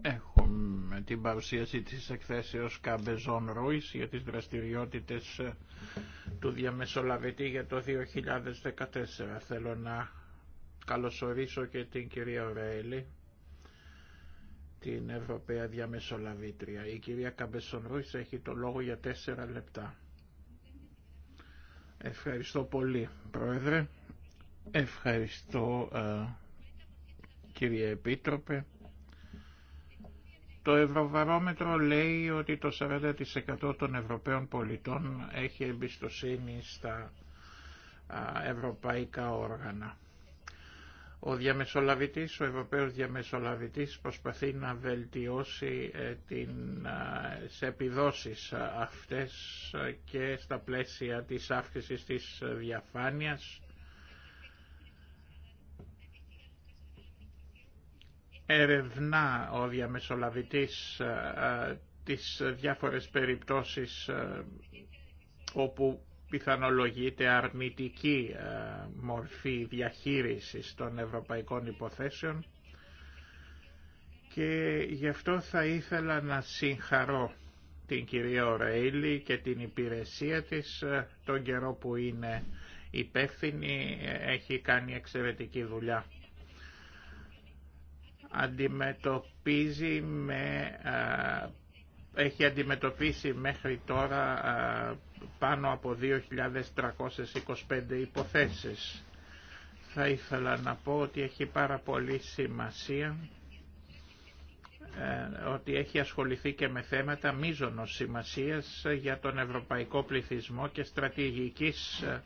Έχουμε την παρουσίαση της εκθέσεως Καμπεζόν Ρούις για τις δραστηριότητες ε, του διαμεσολαβητή για το 2014. Θέλω να καλωσορίσω και την κυρία Ρέιλι, την Ευρωπαία Διαμεσολαβήτρια. Η κυρία Καμπεζόν Ρούις έχει το λόγο για τέσσερα λεπτά. Ευχαριστώ πολύ, Πρόεδρε. Ευχαριστώ, ε, κύριε Επίτροπε. Το Ευρωβαρόμετρο λέει ότι το 40% των Ευρωπαίων πολιτών έχει εμπιστοσύνη στα ευρωπαϊκά όργανα. Ο διαμεσολαβητής, ο Ευρωπαίος διαμεσολαβητής προσπαθεί να βελτιώσει ε, την, σε επιδόσεις αυτές ε, και στα πλαίσια της αύξησης της ε, διαφάνειας ερευνά ο διαμεσολαβητής ε, ε, τις διάφορες περιπτώσεις ε, όπου πιθανολογείται αρνητική μορφή διαχείρισης των ευρωπαϊκών υποθέσεων και γι' αυτό θα ήθελα να συγχαρώ την κυρία Ρέιλι και την υπηρεσία της τον καιρό που είναι υπεύθυνη έχει κάνει εξαιρετική δουλειά αντιμετωπίζει με, έχει αντιμετωπίσει μέχρι τώρα πάνω από 2.325 υποθέσεις. Θα ήθελα να πω ότι έχει πάρα πολύ σημασία ε, ότι έχει ασχοληθεί και με θέματα μείζωνος σημασίας για τον ευρωπαϊκό πληθυσμό και στρατηγικής ε,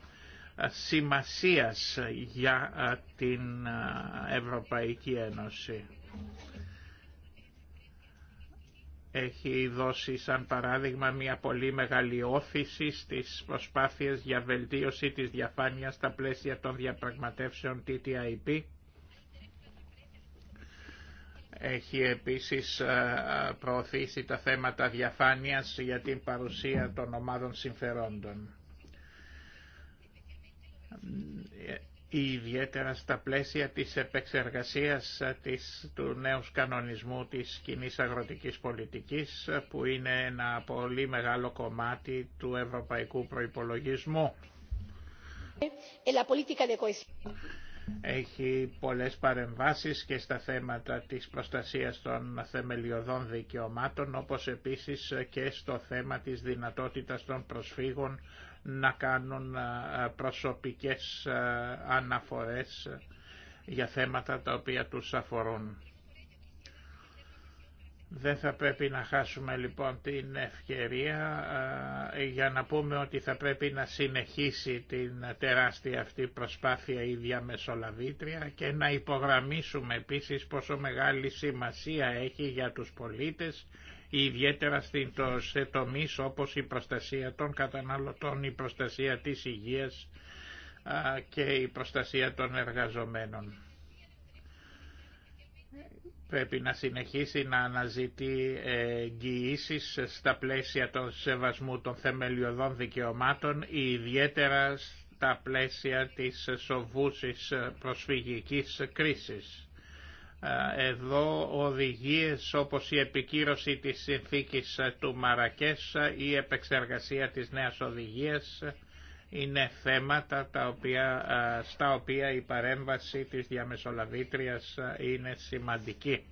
σημασίας για ε, την Ευρωπαϊκή Ένωση έχει δώσει σαν παράδειγμα μια πολύ μεγάλη όθηση στις προσπάθειες για βελτίωση της διαφάνειας στα πλαίσια των διαπραγματεύσεων TTIP. Έχει επίσης ε, προωθήσει τα θέματα διαφάνειας για την παρουσία των ομάδων συμφερόντων ιδιαίτερα στα πλαίσια της επεξεργασίας της, του νέου κανονισμού της κοινή αγροτικής πολιτικής που είναι ένα πολύ μεγάλο κομμάτι του ευρωπαϊκού προϋπολογισμού. Ε, Έχει πολλές παρεμβάσεις και στα θέματα της προστασίας των θεμελιωδών δικαιωμάτων όπως επίσης και στο θέμα της δυνατότητας των προσφύγων να κάνουν ε, προσωπικές ε, αναφορές για θέματα τα οποία τους αφορούν. Δεν θα πρέπει να χάσουμε λοιπόν την ευκαιρία ε, για να πούμε ότι θα πρέπει να συνεχίσει την τεράστια αυτή προσπάθεια η διαμεσολαβήτρια και να υπογραμμίσουμε επίσης πόσο μεγάλη σημασία έχει για τους πολίτες ιδιαίτερα στην σε τομεί όπως η προστασία των καταναλωτών, η προστασία της υγείας και η προστασία των εργαζομένων. Πρέπει να συνεχίσει να αναζητεί εγγυήσει στα πλαίσια των σεβασμού των θεμελιωδών δικαιωμάτων, ιδιαίτερα στα πλαίσια της σοβούσης προσφυγικής κρίσης εδώ οδηγίες όπως η επικύρωση της συνθήκης ε, του Μαρακέσα ή ε, η επεξεργασία της νέας οδηγίας είναι θέματα τα οποία, ε, στα οποία η παρέμβαση της διαμεσολαβήτριας είναι σημαντική.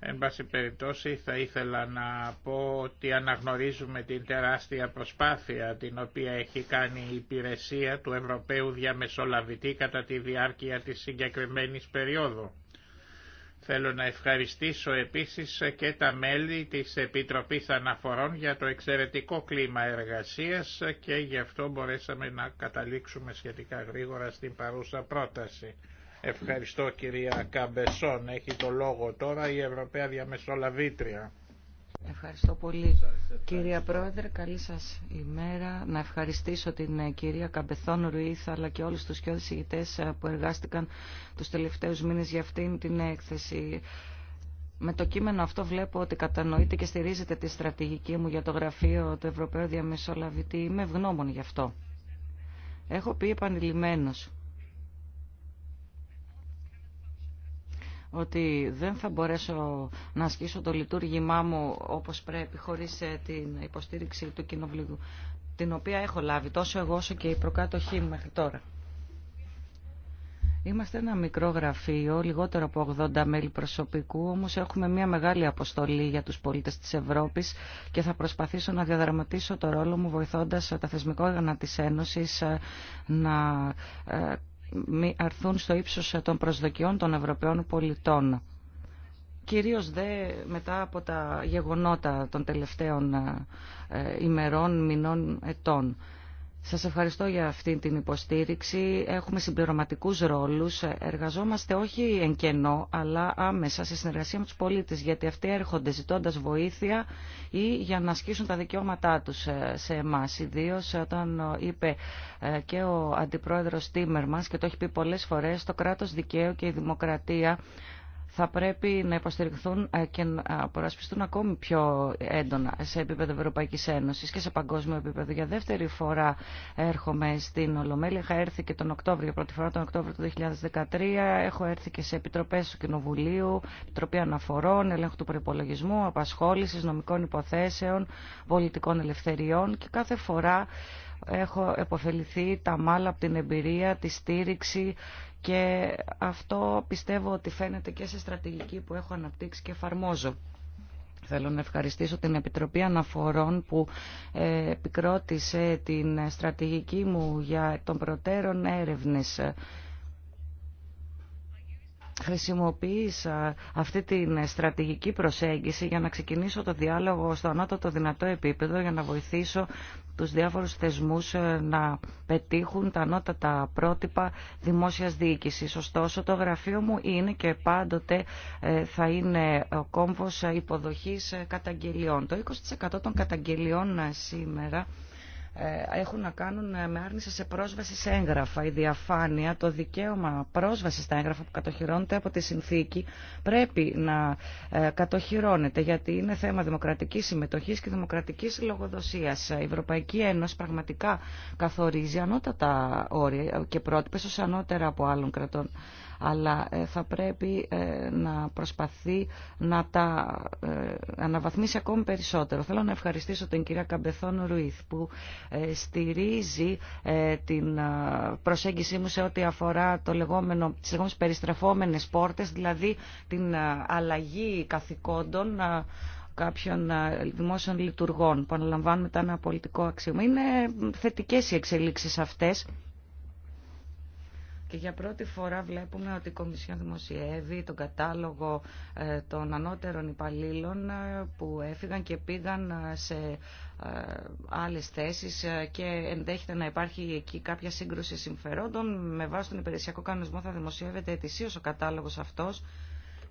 Εν πάση περιπτώσει θα ήθελα να πω ότι αναγνωρίζουμε την τεράστια προσπάθεια την οποία έχει κάνει η υπηρεσία του Ευρωπαίου Διαμεσολαβητή κατά τη διάρκεια της συγκεκριμένης περίοδου. Θέλω να ευχαριστήσω επίσης και τα μέλη της Επιτροπής Αναφορών για το εξαιρετικό κλίμα εργασίας και γι' αυτό μπορέσαμε να καταλήξουμε σχετικά γρήγορα στην παρούσα πρόταση. Ευχαριστώ κυρία Καμπεσόν. Έχει το λόγο τώρα η Ευρωπαία Διαμεσολαβήτρια. Ευχαριστώ πολύ κυρία Πρόεδρε. Καλή σας ημέρα. Να ευχαριστήσω την ε, κυρία Καμπεθόν Ρουίθ αλλά και όλους τους κοιόδες ηγητές ε, που εργάστηκαν τους τελευταίους μήνες για αυτήν την έκθεση. Με το κείμενο αυτό βλέπω ότι κατανοείτε και στηρίζετε τη στρατηγική μου για το γραφείο του Ευρωπαίου Διαμεσολαβητή. Είμαι ευγνώμων γι' αυτό. Έχω πει επανειλημμένως ότι δεν θα μπορέσω να ασκήσω το λειτουργήμά μου όπως πρέπει χωρίς ε, την υποστήριξη του κοινοβουλίου την οποία έχω λάβει τόσο εγώ όσο και η προκάτοχή μου μέχρι τώρα. Είμαστε ένα μικρό γραφείο, λιγότερο από 80 μέλη προσωπικού, όμως έχουμε μια μεγάλη αποστολή για τους πολίτες της Ευρώπης και θα προσπαθήσω να διαδραματίσω το ρόλο μου βοηθώντας τα θεσμικό όργανα της Ένωσης ε, να ε, μη αρθούν στο ύψος των προσδοκιών των Ευρωπαίων πολιτών. Κυρίως δε μετά από τα γεγονότα των τελευταίων ε, ημερών, μηνών, ετών. Σας ευχαριστώ για αυτή την υποστήριξη. Έχουμε συμπληρωματικούς ρόλους. Εργαζόμαστε όχι εν κενό, αλλά άμεσα σε συνεργασία με τους πολίτες, γιατί αυτοί έρχονται ζητώντας βοήθεια ή για να ασκήσουν τα δικαιώματά τους σε εμάς. Ιδίω όταν είπε ε, και ο αντιπρόεδρος Τίμερ μας και το έχει πει πολλές φορές, το κράτος δικαίου και η δημοκρατία θα πρέπει να υποστηριχθούν ε, και να απορασπιστούν ακόμη πιο έντονα σε επίπεδο Ευρωπαϊκής Ένωσης και σε παγκόσμιο επίπεδο. Για δεύτερη φορά έρχομαι στην Ολομέλεια. Είχα έρθει και τον Οκτώβριο, πρώτη φορά τον Οκτώβριο του 2013. Έχω έρθει και σε επιτροπές του Κοινοβουλίου, Επιτροπή Αναφορών, Ελέγχου του Προπολογισμού, Απασχόλησης, Νομικών Υποθέσεων, Πολιτικών Ελευθεριών και κάθε φορά έχω επωφεληθεί τα μάλα από την εμπειρία, τη στήριξη και αυτό πιστεύω ότι φαίνεται και σε στρατηγική που έχω αναπτύξει και εφαρμόζω. Θέλω να ευχαριστήσω την Επιτροπή Αναφορών που ε, επικρότησε την στρατηγική μου για τον προτέρων έρευνες. Χρησιμοποίησα αυτή την στρατηγική προσέγγιση για να ξεκινήσω το διάλογο στο ανώτατο δυνατό επίπεδο για να βοηθήσω τους διάφορους θεσμούς ε, να πετύχουν τα ανώτατα πρότυπα δημόσιας διοίκησης. Ωστόσο, το γραφείο μου είναι και πάντοτε ε, θα είναι ο κόμβος υποδοχής ε, καταγγελιών. Το 20% των καταγγελιών σήμερα ε, έχουν να κάνουν ε, με άρνηση σε πρόσβαση σε έγγραφα. Η διαφάνεια, το δικαίωμα πρόσβαση στα έγγραφα που κατοχυρώνεται από τη συνθήκη πρέπει να ε, κατοχυρώνεται γιατί είναι θέμα δημοκρατικής συμμετοχής και δημοκρατικής λογοδοσίας. Η Ευρωπαϊκή Ένωση πραγματικά καθορίζει ανώτατα όρια και πρότυπε, ω ανώτερα από άλλων κρατών αλλά ε, θα πρέπει ε, να προσπαθεί να τα ε, αναβαθμίσει ακόμη περισσότερο. Θέλω να ευχαριστήσω την κυρία Καμπεθόν Ρουίθ που στηρίζει την προσέγγιση μου σε ό,τι αφορά το λεγόμενο, τις λεγόμενες περιστρεφόμενες πόρτες, δηλαδή την αλλαγή καθηκόντων κάποιων δημόσιων λειτουργών που αναλαμβάνουν μετά ένα πολιτικό αξίωμα. Είναι θετικές οι εξελίξεις αυτές και για πρώτη φορά βλέπουμε ότι η Κομισιόν δημοσιεύει τον κατάλογο ε, των ανώτερων υπαλλήλων ε, που έφυγαν και πήγαν ε, σε άλλες θέσεις και ενδέχεται να υπάρχει εκεί κάποια σύγκρουση συμφερόντων. Με βάση τον υπηρεσιακό κανονισμό θα δημοσιεύεται ετησίως ο κατάλογος αυτός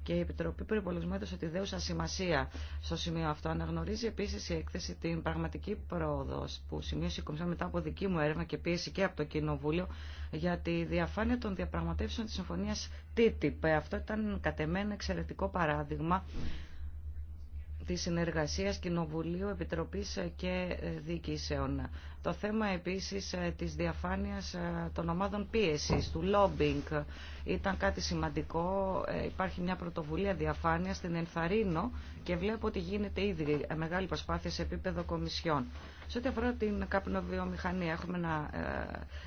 και η Επιτροπή Περιπολισμού έδωσε τη δέουσα σημασία στο σημείο αυτό. Αναγνωρίζει επίση η έκθεση την πραγματική πρόοδο που σημείωσε η Κομισιόν μετά από δική μου έρευνα και πίεση και από το Κοινοβούλιο για τη διαφάνεια των διαπραγματεύσεων τη συμφωνία TTIP. Αυτό ήταν κατ' εξαιρετικό παράδειγμα τη συνεργασία Κοινοβουλίου, Επιτροπή και Διοικήσεων. Το θέμα επίσης ε, της διαφάνειας ε, των ομάδων πίεσης, του lobbying, ήταν κάτι σημαντικό. Ε, υπάρχει μια πρωτοβουλία διαφάνειας, στην ενθαρρύνω και βλέπω ότι γίνεται ήδη μεγάλη προσπάθεια σε επίπεδο κομισιών. Σε ό,τι αφορά την καπνοβιομηχανία, έχουμε ένα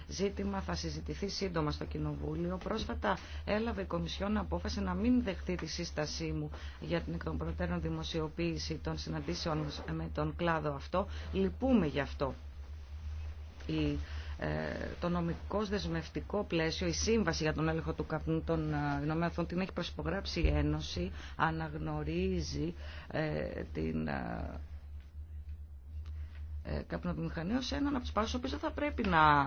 ζήτημα, θα συζητηθεί σύντομα στο Κοινοβούλιο. Πρόσφατα έλαβε η Κομισιόν απόφαση να μην δεχτεί τη σύστασή μου για την εκ των προτέρων δημοσιοποίηση των συναντήσεων με τον κλάδο αυτό. Λυπούμε γι' αυτό η, ε, το νομικό δεσμευτικό πλαίσιο, η σύμβαση για τον έλεγχο του καπνού των ΗΠΑ ε, την έχει προσυπογράψει η Ένωση, αναγνωρίζει ε, την ε, καπνοβιομηχανία ως έναν από τους παρούς, ο θα πρέπει να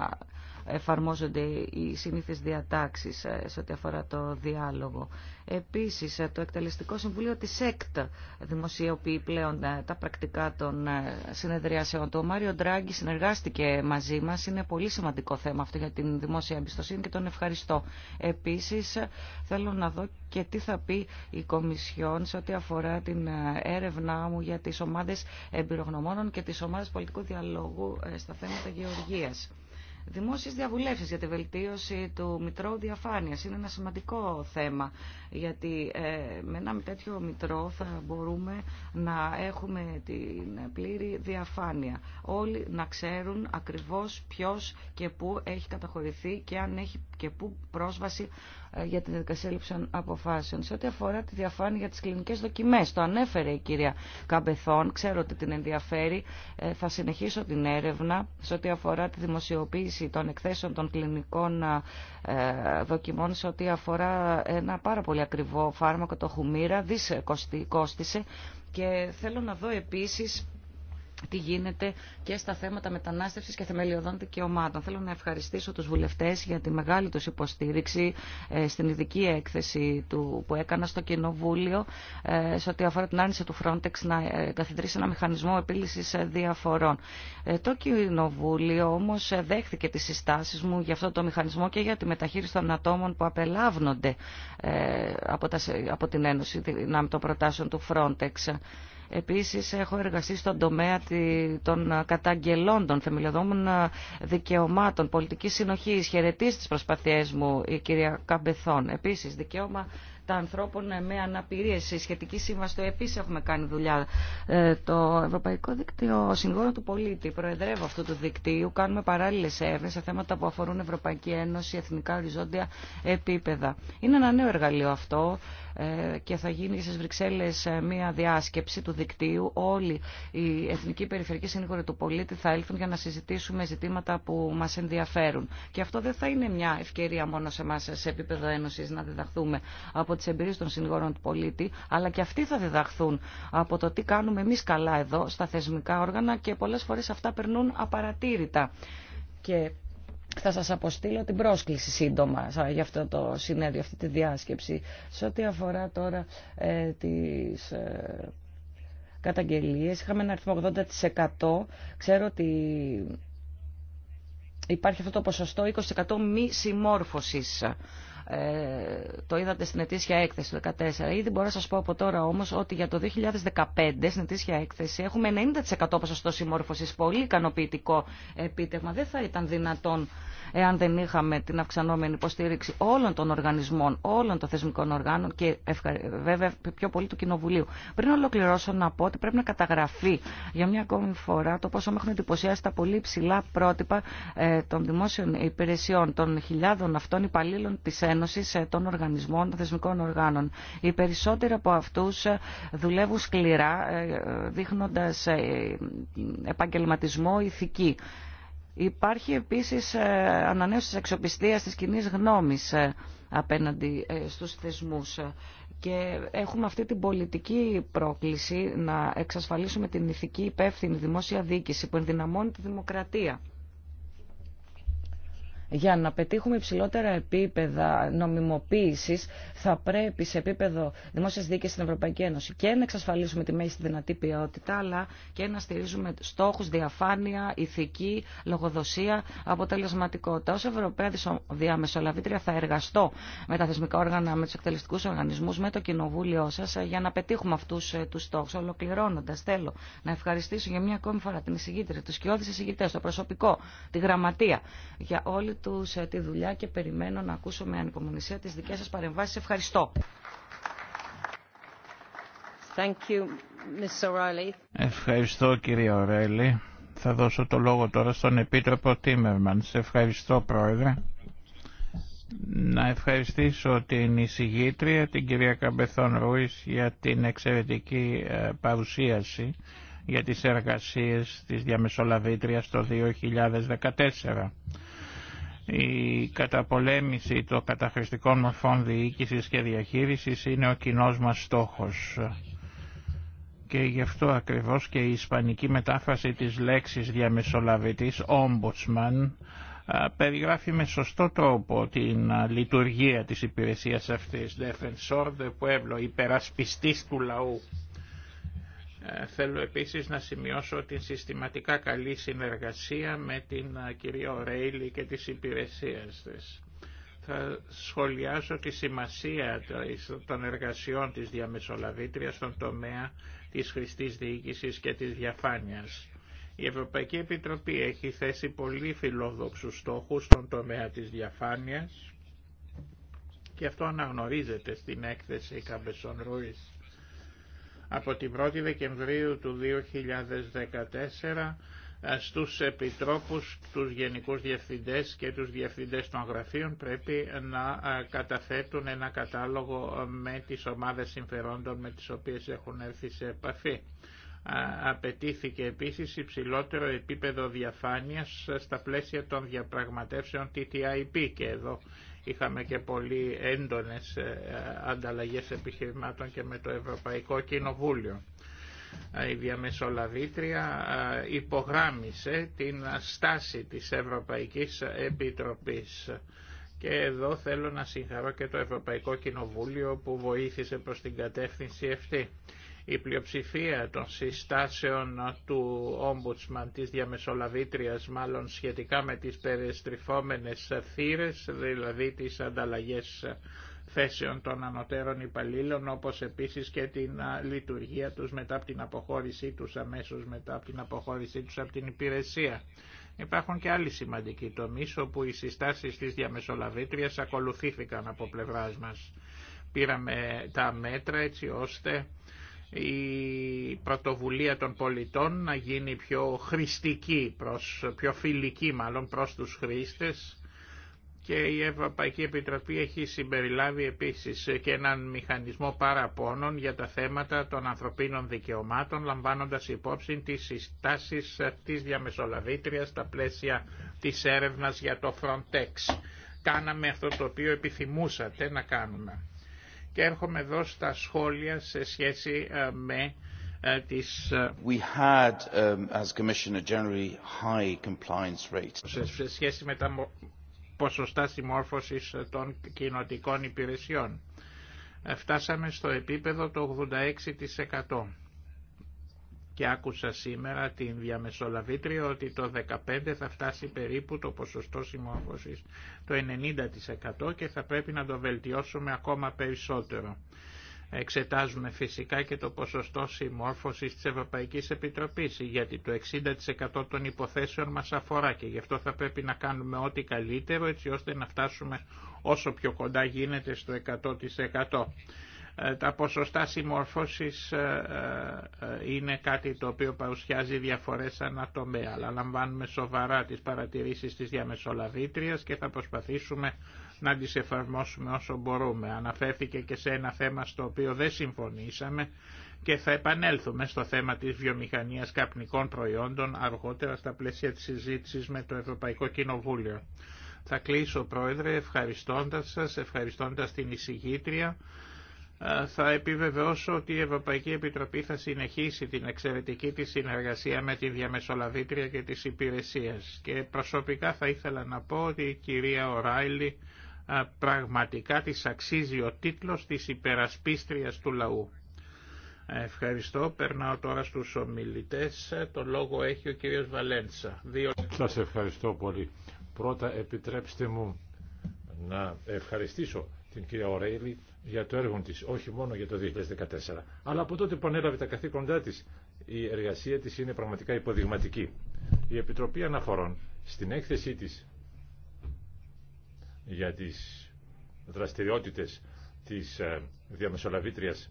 εφαρμόζονται οι συνήθεις διατάξεις ε, σε ό,τι αφορά το διάλογο. Επίσης, ε, το Εκτελεστικό Συμβούλιο της ΕΚΤ δημοσιοποιεί πλέον ε, τα πρακτικά των συνεδριάσεων του. Ο Μάριο Ντράγκη συνεργάστηκε μαζί μας. Είναι πολύ σημαντικό θέμα αυτό για την δημόσια εμπιστοσύνη και τον ευχαριστώ. Επίσης, θέλω να δω και τι θα πει η Κομισιόν σε ό,τι αφορά την έρευνά μου για τις ομάδες εμπειρογνωμόνων και τις ομάδες πολιτικού διαλόγου στα θέματα γεωργίας. Δημόσιες διαβουλεύσεις για τη βελτίωση του Μητρώου Διαφάνειας είναι ένα σημαντικό θέμα, γιατί ε, με ένα τέτοιο Μητρό θα μπορούμε να έχουμε την πλήρη διαφάνεια. Όλοι να ξέρουν ακριβώς ποιο και πού έχει καταχωρηθεί και αν έχει και πού πρόσβαση για τη διαδικασία λήψεων αποφάσεων. Σε ό,τι αφορά τη διαφάνεια για τι κλινικέ δοκιμέ, το ανέφερε η κυρία Καμπεθόν, ξέρω ότι την ενδιαφέρει, ε, θα συνεχίσω την έρευνα σε ό,τι αφορά τη δημοσιοποίηση των εκθέσεων των κλινικών ε, δοκιμών, σε ό,τι αφορά ένα πάρα πολύ ακριβό φάρμακο, το χουμίρα, δις κόστησε. και θέλω να δω επίσης τι γίνεται και στα θέματα μετανάστευση και θεμελιωδών δικαιωμάτων. Θέλω να ευχαριστήσω του βουλευτέ για τη μεγάλη του υποστήριξη ε, στην ειδική έκθεση του, που έκανα στο Κοινοβούλιο ε, σε ό,τι αφορά την άνιση του Frontex να ε, καθιδρύσει ένα μηχανισμό επίλυση διαφορών. το Κοινοβούλιο όμω δέχθηκε τι συστάσει μου για αυτό το μηχανισμό και για τη μεταχείριση των ατόμων που απελάβνονται από, την Ένωση δυνάμει των προτάσεων του Frontex. Επίσης έχω εργαστεί στον τομέα των καταγγελών των θεμελιωδόμων δικαιωμάτων, πολιτικής συνοχής, χαιρετής τις προσπαθειές μου η κυρία Καμπεθών. Επίσης δικαίωμα τα ανθρώπων με αναπηρία Σε σχετική σύμβαση, επίση έχουμε κάνει δουλειά. Ε, το Ευρωπαϊκό Δίκτυο Συγγόνο του Πολίτη, προεδρεύω αυτού του δικτύου, κάνουμε παράλληλες έρευνε σε θέματα που αφορούν Ευρωπαϊκή Ένωση, εθνικά οριζόντια επίπεδα. Είναι ένα νέο εργαλείο αυτό ε, και θα γίνει στις Βρυξέλλες ε, μια διάσκεψη του δικτύου. Όλοι οι Εθνικοί Περιφερειακοί Σύνηγοροι του Πολίτη θα έλθουν για να συζητήσουμε ζητήματα που μας ενδιαφέρουν. Και αυτό δεν θα είναι μια ευκαιρία μόνο σε εμά σε επίπεδο Ένωσης να διδαχθούμε από τις εμπειρίες των συνηγόρων του πολίτη, αλλά και αυτοί θα διδαχθούν από το τι κάνουμε εμείς καλά εδώ στα θεσμικά όργανα και πολλές φορές αυτά περνούν απαρατήρητα. Και θα σας αποστείλω την πρόσκληση σύντομα για αυτό το συνέδριο, αυτή τη διάσκεψη. Σε ό,τι αφορά τώρα ε, τις ε, καταγγελίες, είχαμε ένα αριθμό 80%. Ξέρω ότι υπάρχει αυτό το ποσοστό 20% μη συμμόρφωσης ε, το είδατε στην ετήσια έκθεση του 2014. Ήδη μπορώ να σας πω από τώρα όμως ότι για το 2015 στην ετήσια έκθεση έχουμε 90% ποσοστό συμμόρφωσης. Πολύ ικανοποιητικό επίτευγμα. Δεν θα ήταν δυνατόν εάν δεν είχαμε την αυξανόμενη υποστήριξη όλων των οργανισμών, όλων των θεσμικών οργάνων και βέβαια πιο πολύ του Κοινοβουλίου. Πριν ολοκληρώσω να πω ότι πρέπει να καταγραφεί για μια ακόμη φορά το πόσο με έχουν εντυπωσιάσει τα πολύ ψηλά πρότυπα ε, των δημόσιων υπηρεσιών, των χιλιάδων αυτών υπαλλήλων της Ένωση ε, των οργανισμών, θεσμικών οργάνων. Οι περισσότεροι από αυτούς ε, δουλεύουν σκληρά, ε, δείχνοντας επαγγελματισμό ηθική. Υπάρχει επίσης ανανέωση της αξιοπιστίας της κοινή γνώμης απέναντι στους θεσμούς και έχουμε αυτή την πολιτική πρόκληση να εξασφαλίσουμε την ηθική υπεύθυνη δημόσια δίκηση που ενδυναμώνει τη δημοκρατία. Για να πετύχουμε υψηλότερα επίπεδα νομιμοποίησης θα πρέπει σε επίπεδο δημόσιας δίκαιη στην Ευρωπαϊκή Ένωση και να εξασφαλίσουμε τη μέγιστη δυνατή ποιότητα αλλά και να στηρίζουμε στόχους, διαφάνεια, ηθική, λογοδοσία, αποτελεσματικότητα. Ω Ευρωπαία Διαμεσολαβήτρια θα εργαστώ με τα θεσμικά όργανα, με του εκτελεστικού οργανισμούς, με το κοινοβούλιο σα ε, για να πετύχουμε αυτού ε, τους στόχους. Ολοκληρώνοντα, θέλω να ευχαριστήσω για μια ακόμη φορά την εισηγήτρια, τους σκιώδει εισηγητέ, το προσωπικό, τη γραμματεία για όλη σε τη δουλειά και περιμένω να ακούσω με ανυπομονησία τις δικές σας παρεμβάσεις. Ευχαριστώ. Thank you, Ms. Ευχαριστώ κύριε Ορέλη. Θα δώσω το λόγο τώρα στον Επίτροπο Τίμερμαν. Σε ευχαριστώ πρόεδρε. Να ευχαριστήσω την εισηγήτρια, την κυρία Καμπεθόν Ρούις, για την εξαιρετική ε, παρουσίαση για τις εργασίες της διαμεσολαβήτριας το 2014. Η καταπολέμηση των καταχρηστικών μορφών διοίκησης και διαχείρισης είναι ο κοινό μας στόχος. Και γι' αυτό ακριβώς και η ισπανική μετάφραση της λέξης διαμεσολαβητής ombudsman περιγράφει με σωστό τρόπο την λειτουργία της υπηρεσίας αυτής, defensor de pueblo, υπερασπιστής του λαού. Ε, θέλω επίσης να σημειώσω την συστηματικά καλή συνεργασία με την ε, κυρία Ρέιλι και τις υπηρεσίες της. Θα σχολιάσω τη σημασία των εργασιών της διαμεσολαβήτριας στον τομέα της χρηστής διοίκησης και της διαφάνειας. Η Ευρωπαϊκή Επιτροπή έχει θέσει πολύ φιλόδοξους στόχους στον τομέα της διαφάνειας και αυτό αναγνωρίζεται στην έκθεση Καμπεσον από την 1η Δεκεμβρίου του 2014 ε, στους επιτρόπους, τους γενικούς διευθυντές και τους διευθυντές των γραφείων πρέπει να ε, καταθέτουν ένα κατάλογο ε, με τις ομάδες συμφερόντων με τις οποίες έχουν έρθει σε επαφή απαιτήθηκε επίσης υψηλότερο επίπεδο διαφάνειας στα πλαίσια των διαπραγματεύσεων TTIP και εδώ είχαμε και πολύ έντονες ε, ανταλλαγές επιχειρημάτων και με το Ευρωπαϊκό Κοινοβούλιο. Η διαμεσολαβήτρια υπογράμμισε την στάση της Ευρωπαϊκής Επιτροπής. Και εδώ θέλω να συγχαρώ και το Ευρωπαϊκό Κοινοβούλιο που βοήθησε προς την κατεύθυνση αυτή. Η πλειοψηφία των συστάσεων του Ombudsman της διαμεσολαβήτριας μάλλον σχετικά με τις περιστριφόμενες θύρες, δηλαδή τις ανταλλαγές θέσεων των ανωτέρων υπαλλήλων, όπως επίσης και την λειτουργία τους μετά από την αποχώρησή τους, αμέσως μετά από την αποχώρησή τους από την υπηρεσία. Υπάρχουν και άλλοι σημαντικοί τομείς όπου οι συστάσεις της διαμεσολαβήτρια ακολουθήθηκαν από πλευράς μας. Πήραμε τα μέτρα έτσι ώστε η πρωτοβουλία των πολιτών να γίνει πιο χρηστική, προς, πιο φιλική μάλλον προς τους χρήστες και η Ευρωπαϊκή Επιτροπή έχει συμπεριλάβει επίσης και έναν μηχανισμό παραπώνων για τα θέματα των ανθρωπίνων δικαιωμάτων λαμβάνοντας υπόψη τις συστάσεις της διαμεσολαβήτριας στα πλαίσια της έρευνας για το Frontex. Κάναμε αυτό το οποίο επιθυμούσατε να κάνουμε. Και έρχομαι εδώ στα σχόλια σε σχέση ε, με ε, τις ε, We had, um, as Commissioner, generally high compliance rate. σε σχέση με τα ποσοστά συμμόρφωσης των κοινοτικών υπηρεσιών. Φτάσαμε στο επίπεδο το 86% και άκουσα σήμερα την διαμεσολαβήτρια ότι το 15 θα φτάσει περίπου το ποσοστό συμμόρφωσης το 90% και θα πρέπει να το βελτιώσουμε ακόμα περισσότερο. Εξετάζουμε φυσικά και το ποσοστό συμμόρφωσης της Ευρωπαϊκής Επιτροπής γιατί το 60% των υποθέσεων μας αφορά και γι' αυτό θα πρέπει να κάνουμε ό,τι καλύτερο έτσι ώστε να φτάσουμε όσο πιο κοντά γίνεται στο 100%. Ε, τα ποσοστά συμμόρφωσης ε, ε, είναι κάτι το οποίο παρουσιάζει διαφορές ανατομέα, αλλά λαμβάνουμε σοβαρά τις παρατηρήσεις της διαμεσολαβήτριας και θα προσπαθήσουμε να τις εφαρμόσουμε όσο μπορούμε. Αναφέρθηκε και σε ένα θέμα στο οποίο δεν συμφωνήσαμε και θα επανέλθουμε στο θέμα της βιομηχανίας καπνικών προϊόντων αργότερα στα πλαίσια της συζήτησης με το Ευρωπαϊκό Κοινοβούλιο. Θα κλείσω, Πρόεδρε, ευχαριστώντας σας, ευχαριστώντας την εισηγήτρια ε, θα επιβεβαιώσω ότι η Ευρωπαϊκή Επιτροπή θα συνεχίσει την εξαιρετική της συνεργασία με τη διαμεσολαβήτρια και τις υπηρεσίες. Και προσωπικά θα ήθελα να πω ότι η κυρία Οράιλη ε, πραγματικά της αξίζει ο τίτλος της υπερασπίστριας του λαού. Ε, ευχαριστώ. Περνάω τώρα στους ομιλητές. Το λόγο έχει ο κύριος Βαλέντσα. Δύο... Σας ευχαριστώ πολύ. Πρώτα επιτρέψτε μου να ευχαριστήσω την κυρία Ωράιλη για το έργο της, όχι μόνο για το 2014. Αλλά από τότε που ανέλαβε τα καθήκοντά της, η εργασία της είναι πραγματικά υποδειγματική. Η Επιτροπή Αναφορών στην έκθεσή της για τις δραστηριότητες της ε, διαμεσολαβήτριας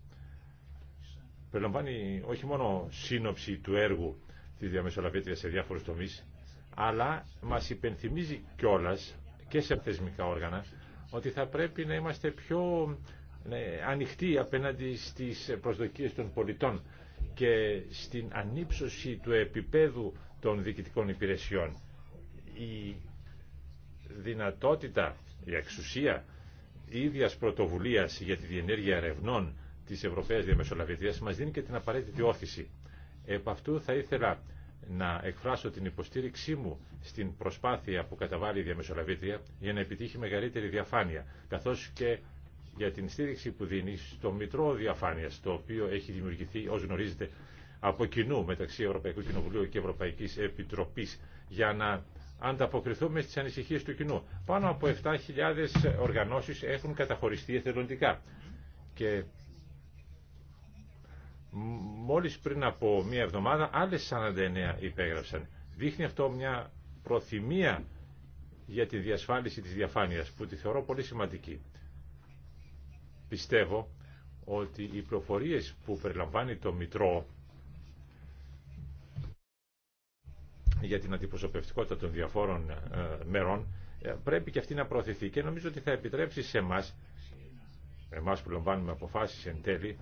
περιλαμβάνει όχι μόνο σύνοψη του έργου της διαμεσολαβήτριας σε διάφορους τομείς, αλλά μας υπενθυμίζει κιόλας και σε θεσμικά όργανα ότι θα πρέπει να είμαστε πιο ναι, ανοιχτή απέναντι στις προσδοκίες των πολιτών και στην ανύψωση του επίπεδου των διοικητικών υπηρεσιών. Η δυνατότητα, η εξουσία ίδιας πρωτοβουλίας για τη διενέργεια ερευνών της Ευρωπαίας Διαμεσολαβητίας μας δίνει και την απαραίτητη όθηση. Επ' αυτού θα ήθελα να εκφράσω την υποστήριξή μου στην προσπάθεια που καταβάλει η Διαμεσολαβήτρια για να επιτύχει μεγαλύτερη διαφάνεια, καθώς και για την στήριξη που δίνει στο Μητρό Διαφάνεια, το οποίο έχει δημιουργηθεί, ω γνωρίζετε, από κοινού μεταξύ Ευρωπαϊκού Κοινοβουλίου και Ευρωπαϊκή Επιτροπή για να ανταποκριθούμε στι ανησυχίε του κοινού. Πάνω από 7.000 οργανώσει έχουν καταχωριστεί εθελοντικά. Και μόλις πριν από μία εβδομάδα άλλες 49 υπέγραψαν. Δείχνει αυτό μια εβδομαδα αλλε 49 υπεγραψαν δειχνει αυτο μια προθυμια για τη διασφάλιση της διαφάνειας που τη θεωρώ πολύ σημαντική πιστεύω ότι οι προφορίες που περιλαμβάνει το Μητρό για την αντιπροσωπευτικότητα των διαφόρων ε, μερών ε, πρέπει και αυτή να προωθηθεί και νομίζω ότι θα επιτρέψει σε εμάς εμάς που λαμβάνουμε αποφάσεις εν τέλει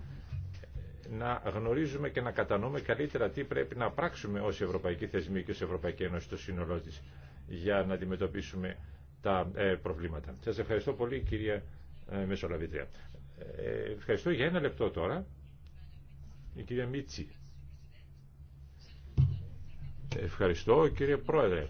να γνωρίζουμε και να κατανοούμε καλύτερα τι πρέπει να πράξουμε ως Ευρωπαϊκή Θεσμή και ως Ευρωπαϊκή Ένωση το σύνολό της για να αντιμετωπίσουμε τα ε, προβλήματα. Σας ευχαριστώ πολύ κυρία Μεσολαβήτρια. Ε, ευχαριστώ για ένα λεπτό τώρα. Η κυρία Μίτσι. Ευχαριστώ κύριε Πρόεδρε.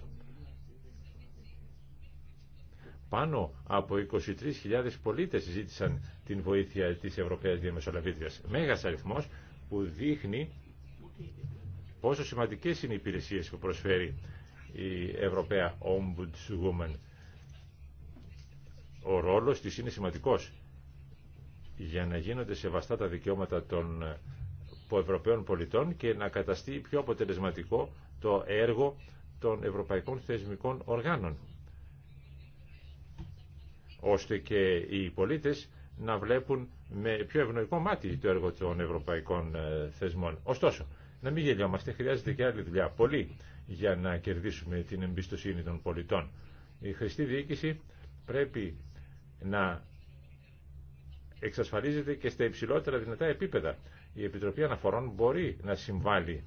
Πάνω από 23.000 πολίτες ζήτησαν την βοήθεια της Ευρωπαίας Διαμεσολαβήτριας. Μέγας αριθμός που δείχνει πόσο σημαντικές είναι οι υπηρεσίες που προσφέρει η Ευρωπαία Ombudswoman. Ο ρόλος της είναι σημαντικός για να γίνονται σεβαστά τα δικαιώματα ε, των Ευρωπαίων πολιτών και να καταστεί πιο αποτελεσματικό το έργο των ευρωπαϊκών θεσμικών οργάνων ώστε και οι πολίτες να βλέπουν με πιο ευνοϊκό μάτι το έργο των ευρωπαϊκών ε, θεσμών. Ωστόσο, να μην γελιόμαστε, χρειάζεται και άλλη δουλειά. Πολύ για να κερδίσουμε την εμπιστοσύνη των πολιτών. Η χρηστή διοίκηση πρέπει να εξασφαλίζεται και στα υψηλότερα δυνατά επίπεδα. Η Επιτροπή Αναφορών μπορεί να συμβάλλει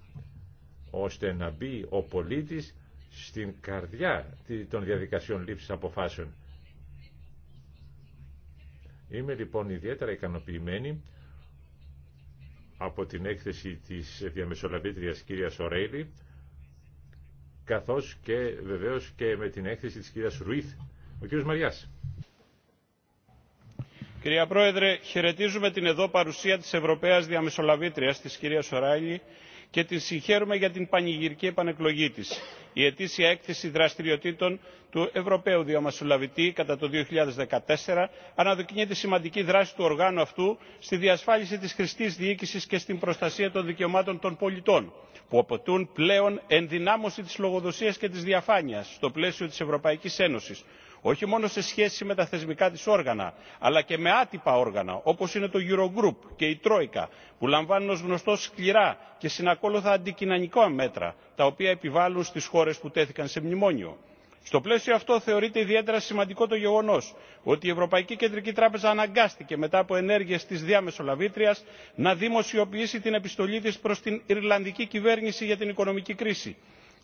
ώστε να μπει ο πολίτης στην καρδιά των διαδικασιών λήψης αποφάσεων. Είμαι λοιπόν ιδιαίτερα ικανοποιημένη από την έκθεση της διαμεσολαβήτριας κυρίας Ορέιλη καθώς και βεβαίως και με την έκθεση της κυρίας Ρουίθ. Ο κύριος Μαριάς. Κυρία Πρόεδρε, χαιρετίζουμε την εδώ παρουσία της Ευρωπαίας Διαμεσολαβήτριας, της κυρίας Οράιλη, και την συγχαίρουμε για την πανηγυρική επανεκλογή της. Η ετήσια έκθεση δραστηριοτήτων του Ευρωπαίου Διαμεσολαβητή κατά το 2014 αναδεικνύει τη σημαντική δράση του οργάνου αυτού στη διασφάλιση της χρηστής διοίκησης και στην προστασία των δικαιωμάτων των πολιτών, που αποτούν πλέον ενδυνάμωση της λογοδοσίας και της διαφάνειας στο πλαίσιο της Ευρωπαϊκής Ένωσης, όχι μόνο σε σχέση με τα θεσμικά της όργανα αλλά και με άτυπα όργανα όπως είναι το eurogroup και η τρόικα που λαμβάνουν ως γνωστό σκληρά και συνακόλουθα αντικοινωνικά μέτρα τα οποία επιβάλλουν στις χώρες που τέθηκαν σε μνημόνιο. Στο πλαίσιο αυτό θεωρείται ιδιαίτερα σημαντικό το γεγονό ότι η Ευρωπαϊκή Κεντρική Τράπεζα αναγκάστηκε μετά από ενέργειε τη διαμεσολαβήτρια να δημοσιοποιήσει την επιστολή τη προ την Ιρλανδική κυβέρνηση για την οικονομική κρίση.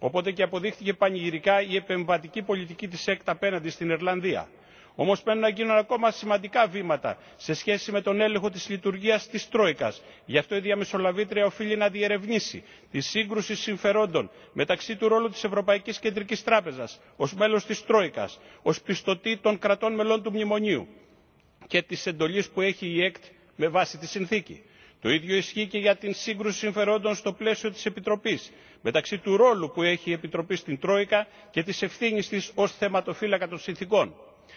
Οπότε και αποδείχθηκε πανηγυρικά η επεμβατική πολιτική της ΕΚΤ απέναντι στην Ιρλανδία. Όμω πρέπει να γίνουν ακόμα σημαντικά βήματα σε σχέση με τον έλεγχο τη λειτουργία τη Τρόικα. Γι' αυτό η διαμεσολαβήτρια οφείλει να διερευνήσει τη σύγκρουση συμφερόντων μεταξύ του ρόλου τη Ευρωπαϊκή Κεντρική Τράπεζα ω μέλο τη Τρόικα, ω πιστωτή των κρατών μελών του Μνημονίου και τη εντολή που έχει η ΕΚΤ με βάση τη συνθήκη. Το ίδιο ισχύει και για την σύγκρουση συμφερόντων στο πλαίσιο τη Επιτροπή μεταξύ του ρόλου που έχει η επιτροπή στην τρόικα και της ευθύνης της ως θεματοφύλακα των συνθήκων.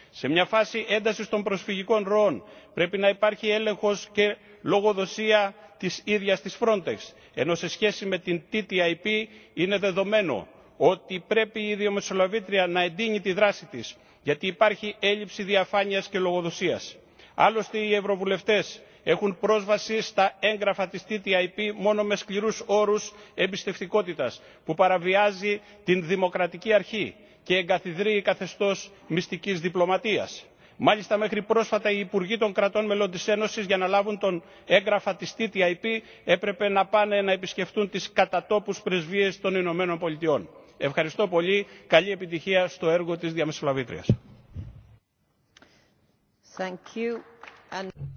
σε μια φάση έντασης των προσφυγικών ροών πρέπει να υπάρχει έλεγχος και λογοδοσία της ίδιας της frontex ενώ σε σχέση με την ttip είναι δεδομένο ότι πρέπει η διαμεσολαβήτρια να εντείνει τη δράση της γιατί υπάρχει έλλειψη διαφάνειας και λογοδοσίας. άλλωστε οι ευρωβουλευτές έχουν πρόσβαση στα έγγραφα της TTIP μόνο με σκληρούς όρους εμπιστευτικότητας που παραβιάζει την δημοκρατική αρχή και εγκαθιδρύει καθεστώς μυστικής διπλωματίας. Μάλιστα μέχρι πρόσφατα οι υπουργοί των κρατών μελών της Ένωσης για να λάβουν τον έγγραφα της TTIP έπρεπε να πάνε να επισκεφτούν τις κατατόπους πρεσβείες των Ηνωμένων Πολιτειών. Ευχαριστώ πολύ. Καλή επιτυχία στο έργο της διαμεσολαβήτριας.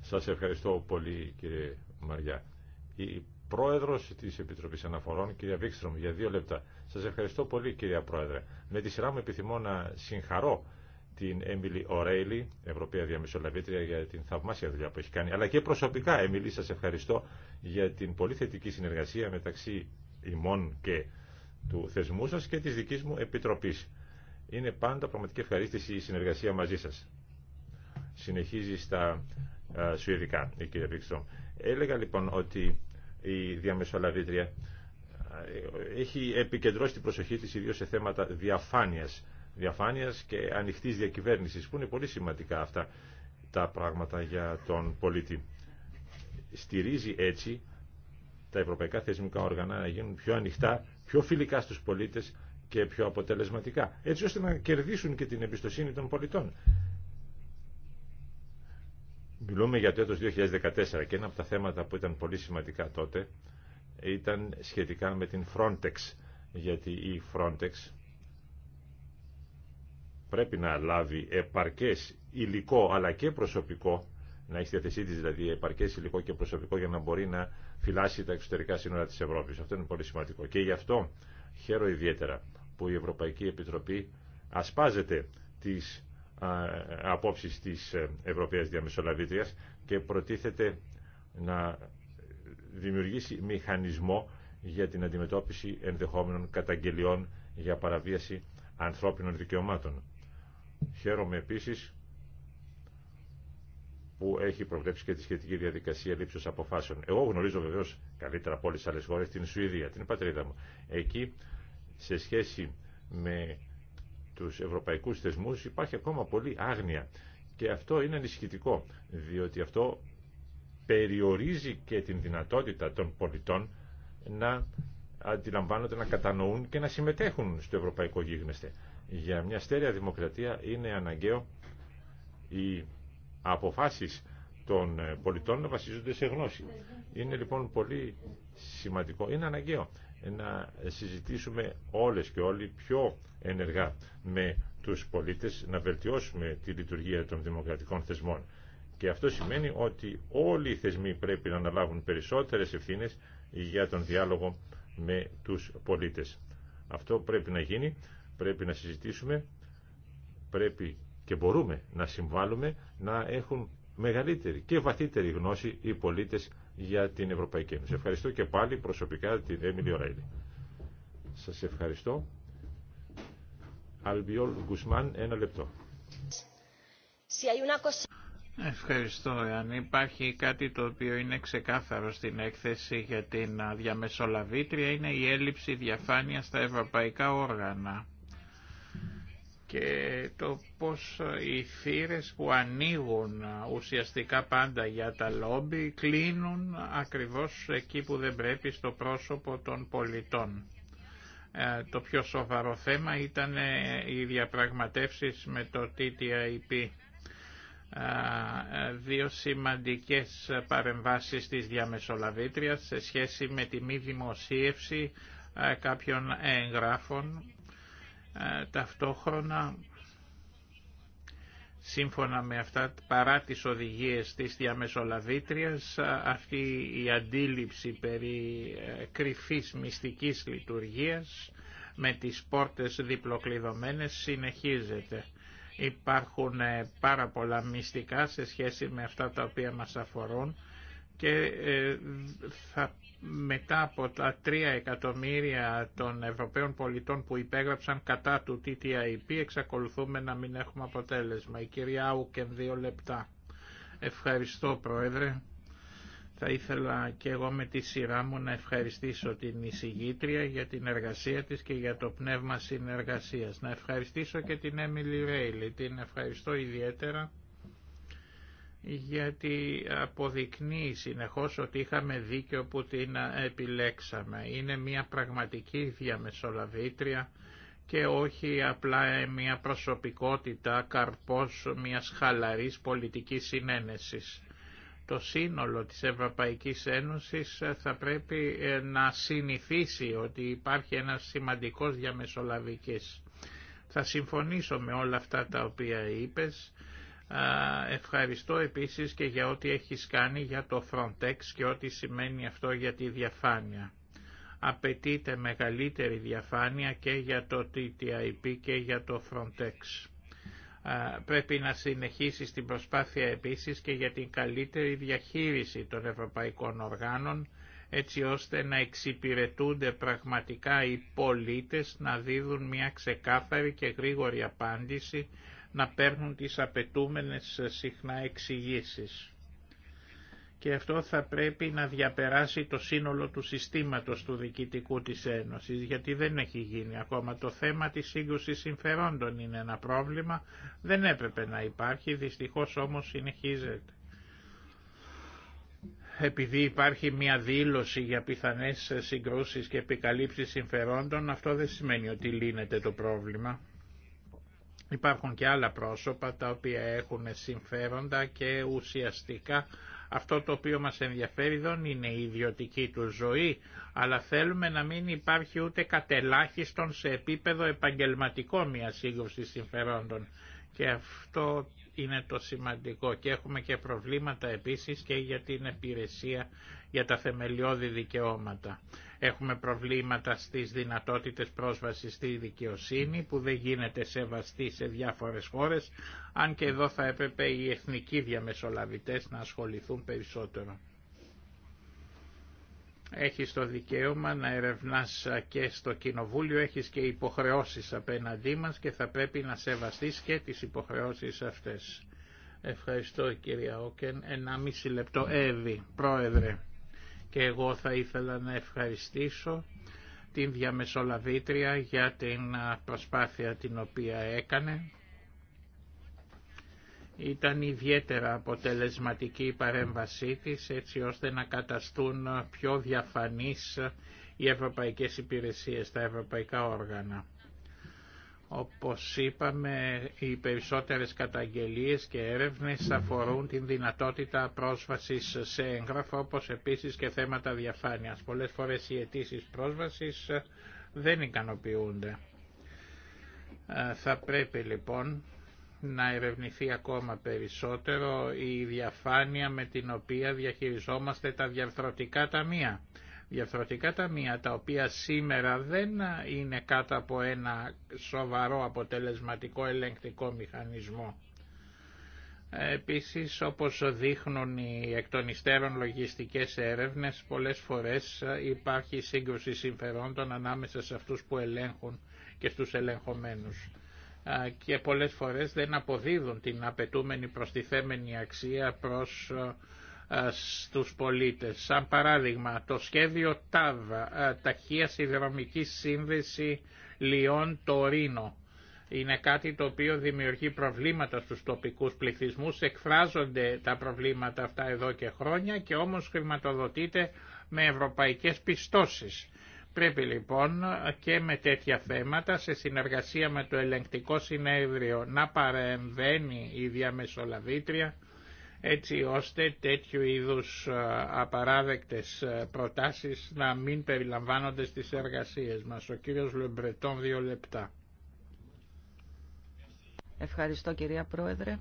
Σας ευχαριστώ πολύ κύριε Μαριά. Η πρόεδρος της Επιτροπής Αναφορών, κυρία Βίξτρομ, για δύο λεπτά. Σας ευχαριστώ πολύ κυρία Πρόεδρε. Με τη σειρά μου επιθυμώ να συγχαρώ την Έμιλι Ορέιλι, Ευρωπαία Διαμεσολαβήτρια, για την θαυμάσια δουλειά που έχει κάνει. Αλλά και προσωπικά, Έμιλι, σας ευχαριστώ για την πολύ θετική συνεργασία μεταξύ ημών και του θεσμού σας και της δικής μου επιτροπής. Είναι πάντα πραγματική ευχαρίστηση η συνεργασία μαζί σας. Συνεχίζει στα ε, Σουηδικά η κυρία Βίξτρομ. Έλεγα λοιπόν ότι η διαμεσολαβήτρια ε, έχει επικεντρώσει την προσοχή της ιδίως σε θέματα διαφάνειας, διαφάνειας και ανοιχτής διακυβέρνησης που είναι πολύ σημαντικά αυτά τα πράγματα για τον πολίτη. Στηρίζει έτσι τα ευρωπαϊκά θεσμικά όργανα να γίνουν πιο ανοιχτά, πιο φιλικά στους πολίτες και πιο αποτελεσματικά, έτσι ώστε να κερδίσουν και την εμπιστοσύνη των πολιτών. Μιλούμε για το έτος 2014 και ένα από τα θέματα που ήταν πολύ σημαντικά τότε ήταν σχετικά με την Frontex, γιατί η Frontex πρέπει να λάβει επαρκές υλικό αλλά και προσωπικό, να έχει στη δηλαδή επαρκές υλικό και προσωπικό για να μπορεί να φυλάσει τα εξωτερικά σύνορα της Ευρώπης. Αυτό είναι πολύ σημαντικό και γι' αυτό χαίρομαι ιδιαίτερα που η Ευρωπαϊκή Επιτροπή ασπάζεται τις απόψεις της ε, Ευρωπαίας Διαμεσολαβήτριας και προτίθεται να δημιουργήσει μηχανισμό για την αντιμετώπιση ενδεχόμενων καταγγελιών για παραβίαση ανθρώπινων δικαιωμάτων. Χαίρομαι επίσης που έχει προβλέψει και τη σχετική διαδικασία λήψης αποφάσεων. Εγώ γνωρίζω βεβαίω καλύτερα από όλε τι άλλε χώρε την Σουηδία, την πατρίδα μου. Εκεί, σε σχέση με τους ευρωπαϊκούς θεσμούς υπάρχει ακόμα πολύ άγνοια. Και αυτό είναι ανησυχητικό, διότι αυτό περιορίζει και την δυνατότητα των πολιτών να αντιλαμβάνονται, να κατανοούν και να συμμετέχουν στο ευρωπαϊκό γίγνεσθε. Για μια στέρεα δημοκρατία είναι αναγκαίο οι αποφάσεις των πολιτών να βασίζονται σε γνώση. Είναι λοιπόν πολύ σημαντικό, είναι αναγκαίο ε, να συζητήσουμε όλες και όλοι πιο ενεργά με τους πολίτες να βελτιώσουμε τη λειτουργία των δημοκρατικών θεσμών. Και αυτό σημαίνει ότι όλοι οι θεσμοί πρέπει να αναλάβουν περισσότερες ευθύνες για τον διάλογο με τους πολίτες. Αυτό πρέπει να γίνει, πρέπει να συζητήσουμε, πρέπει και μπορούμε να συμβάλλουμε να έχουν μεγαλύτερη και βαθύτερη γνώση οι πολίτες για την Ευρωπαϊκή Ένωση. Ευχαριστώ και πάλι προσωπικά την Έμιλι Ωραίλη. Σας ευχαριστώ. Αλμπιόλ Γκουσμάν, ένα λεπτό. Ευχαριστώ. Αν υπάρχει κάτι το οποίο είναι ξεκάθαρο στην έκθεση για την διαμεσολαβήτρια είναι η έλλειψη διαφάνεια στα ευρωπαϊκά όργανα και το πως οι θύρες που ανοίγουν ουσιαστικά πάντα για τα λόμπι κλείνουν ακριβώς εκεί που δεν πρέπει στο πρόσωπο των πολιτών. Ε, το πιο σοβαρό θέμα ήταν ε, οι διαπραγματεύσεις με το TTIP. Ε, δύο σημαντικές παρεμβάσεις της διαμεσολαβήτριας σε σχέση με τη μη δημοσίευση κάποιων εγγράφων ε, ταυτόχρονα σύμφωνα με αυτά παρά τις οδηγίες της διαμεσολαβήτριας αυτή η αντίληψη περί ε, κρυφής μυστικής λειτουργίας με τις πόρτες διπλοκλειδωμένες συνεχίζεται. Υπάρχουν ε, πάρα πολλά μυστικά σε σχέση με αυτά τα οποία μας αφορούν και θα μετά από τα 3 εκατομμύρια των Ευρωπαίων πολιτών που υπέγραψαν κατά του TTIP εξακολουθούμε να μην έχουμε αποτέλεσμα. Η κυρία Άουκεν δύο λεπτά. Ευχαριστώ Πρόεδρε. Θα ήθελα και εγώ με τη σειρά μου να ευχαριστήσω την εισηγήτρια για την εργασία της και για το πνεύμα συνεργασίας. Να ευχαριστήσω και την Έμιλι Ρέιλι. Την ευχαριστώ ιδιαίτερα γιατί αποδεικνύει συνεχώς ότι είχαμε δίκιο που την επιλέξαμε. Είναι μια πραγματική διαμεσολαβήτρια και όχι απλά μια προσωπικότητα καρπός μιας χαλαρής πολιτικής συνένεσης. Το σύνολο της Ευρωπαϊκής Ένωσης θα πρέπει ε, να συνηθίσει ότι υπάρχει ένας σημαντικός διαμεσολαβικής. Θα συμφωνήσω με όλα αυτά τα οποία είπες Ευχαριστώ επίσης και για ό,τι έχεις κάνει για το Frontex και ό,τι σημαίνει αυτό για τη διαφάνεια. Απαιτείται μεγαλύτερη διαφάνεια και για το TTIP και για το Frontex. Πρέπει να συνεχίσεις την προσπάθεια επίσης και για την καλύτερη διαχείριση των ευρωπαϊκών οργάνων έτσι ώστε να εξυπηρετούνται πραγματικά οι πολίτες να δίδουν μια ξεκάθαρη και γρήγορη απάντηση να παίρνουν τις απαιτούμενες ε, συχνά εξηγήσει. Και αυτό θα πρέπει να διαπεράσει το σύνολο του συστήματος του Διοικητικού της Ένωσης, γιατί δεν έχει γίνει ακόμα. Το θέμα της σύγκρουση συμφερόντων είναι ένα πρόβλημα, δεν έπρεπε να υπάρχει, δυστυχώς όμως συνεχίζεται επειδή υπάρχει μια δήλωση για πιθανές ε, συγκρούσεις και επικαλύψεις συμφερόντων, αυτό δεν σημαίνει ότι λύνεται το πρόβλημα. Υπάρχουν και άλλα πρόσωπα τα οποία έχουν συμφέροντα και ουσιαστικά αυτό το οποίο μας ενδιαφέρει δεν είναι η ιδιωτική του ζωή, αλλά θέλουμε να μην υπάρχει ούτε κατελάχιστον σε επίπεδο επαγγελματικό μια σύγκρουση συμφερόντων. Και αυτό είναι το σημαντικό και έχουμε και προβλήματα επίσης και για την υπηρεσία για τα θεμελιώδη δικαιώματα. Έχουμε προβλήματα στις δυνατότητες πρόσβασης στη δικαιοσύνη που δεν γίνεται σεβαστή σε διάφορες χώρες, αν και εδώ θα έπρεπε οι εθνικοί διαμεσολαβητές να ασχοληθούν περισσότερο. Έχεις το δικαίωμα να ερευνάς και στο Κοινοβούλιο, έχεις και υποχρεώσεις απέναντί μας και θα πρέπει να σεβαστείς και τις υποχρεώσεις αυτές. Ευχαριστώ κυρία Όκεν. μισή λεπτό. Ε, Εύη, πρόεδρε και εγώ θα ήθελα να ευχαριστήσω την διαμεσολαβήτρια για την προσπάθεια την οποία έκανε. Ήταν ιδιαίτερα αποτελεσματική η παρέμβασή της έτσι ώστε να καταστούν πιο διαφανείς οι ευρωπαϊκές υπηρεσίες, τα ευρωπαϊκά όργανα. Όπως είπαμε, οι περισσότερες καταγγελίες και έρευνες αφορούν την δυνατότητα πρόσβασης σε έγγραφα, όπως επίσης και θέματα διαφάνειας. Πολλές φορές οι αιτήσει πρόσβασης δεν ικανοποιούνται. Ε, θα πρέπει λοιπόν να ερευνηθεί ακόμα περισσότερο η διαφάνεια με την οποία διαχειριζόμαστε τα διαρθρωτικά ταμεία διαφορετικά ταμεία τα οποία σήμερα δεν είναι κάτω από ένα σοβαρό αποτελεσματικό ελεγκτικό μηχανισμό. Επίσης, όπως δείχνουν οι εκ των υστέρων λογιστικές έρευνες, πολλές φορές υπάρχει σύγκρουση συμφερόντων ανάμεσα σε αυτούς που ελέγχουν και στους ελεγχομένους και πολλές φορές δεν αποδίδουν την απαιτούμενη προστιθέμενη αξία προς ε, στους πολίτες. Σαν παράδειγμα το σχέδιο ΤΑΒ, ε, ταχεια συνδρομικη Σιδηρομική Σύνδεση Λιών-Τωρίνο. Είναι κάτι το οποίο δημιουργεί προβλήματα στους τοπικούς πληθυσμούς, εκφράζονται τα προβλήματα αυτά εδώ και χρόνια και όμως χρηματοδοτείται με ευρωπαϊκές πιστώσεις. Πρέπει λοιπόν ε, και με τέτοια θέματα σε συνεργασία με το ελεγκτικό συνέδριο να παρεμβαίνει η διαμεσολαβήτρια έτσι ώστε τέτοιου είδους ε, απαράδεκτες ε, προτάσεις να μην περιλαμβάνονται στις εργασίες μας. Ο κύριος Λεμπρετών, δύο λεπτά. Ευχαριστώ κυρία Πρόεδρε.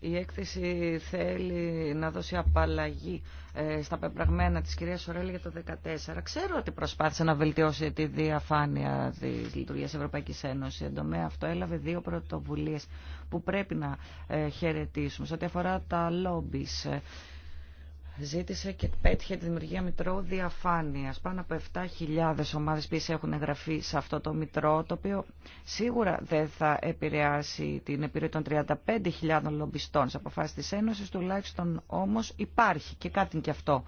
Η έκθεση θέλει να δώσει απαλλαγή ε, στα πεπραγμένα της κυρίας Σορέλη για το 2014. Ξέρω ότι προσπάθησε να βελτιώσει τη διαφάνεια της λειτουργίας Ευρωπαϊκής Ένωσης. Εν τομέα αυτό έλαβε δύο πρωτοβουλίες που πρέπει να ε, χαιρετήσουμε. Σε ό,τι αφορά τα λόμπις, ζήτησε και πέτυχε τη δημιουργία Μητρώου Διαφάνεια. Πάνω από 7.000 ομάδε πίσω έχουν εγγραφεί σε αυτό το Μητρό, το οποίο σίγουρα δεν θα επηρεάσει την επιρροή των 35.000 λομπιστών σε αποφάσει τη Ένωση, τουλάχιστον όμω υπάρχει και κάτι και αυτό.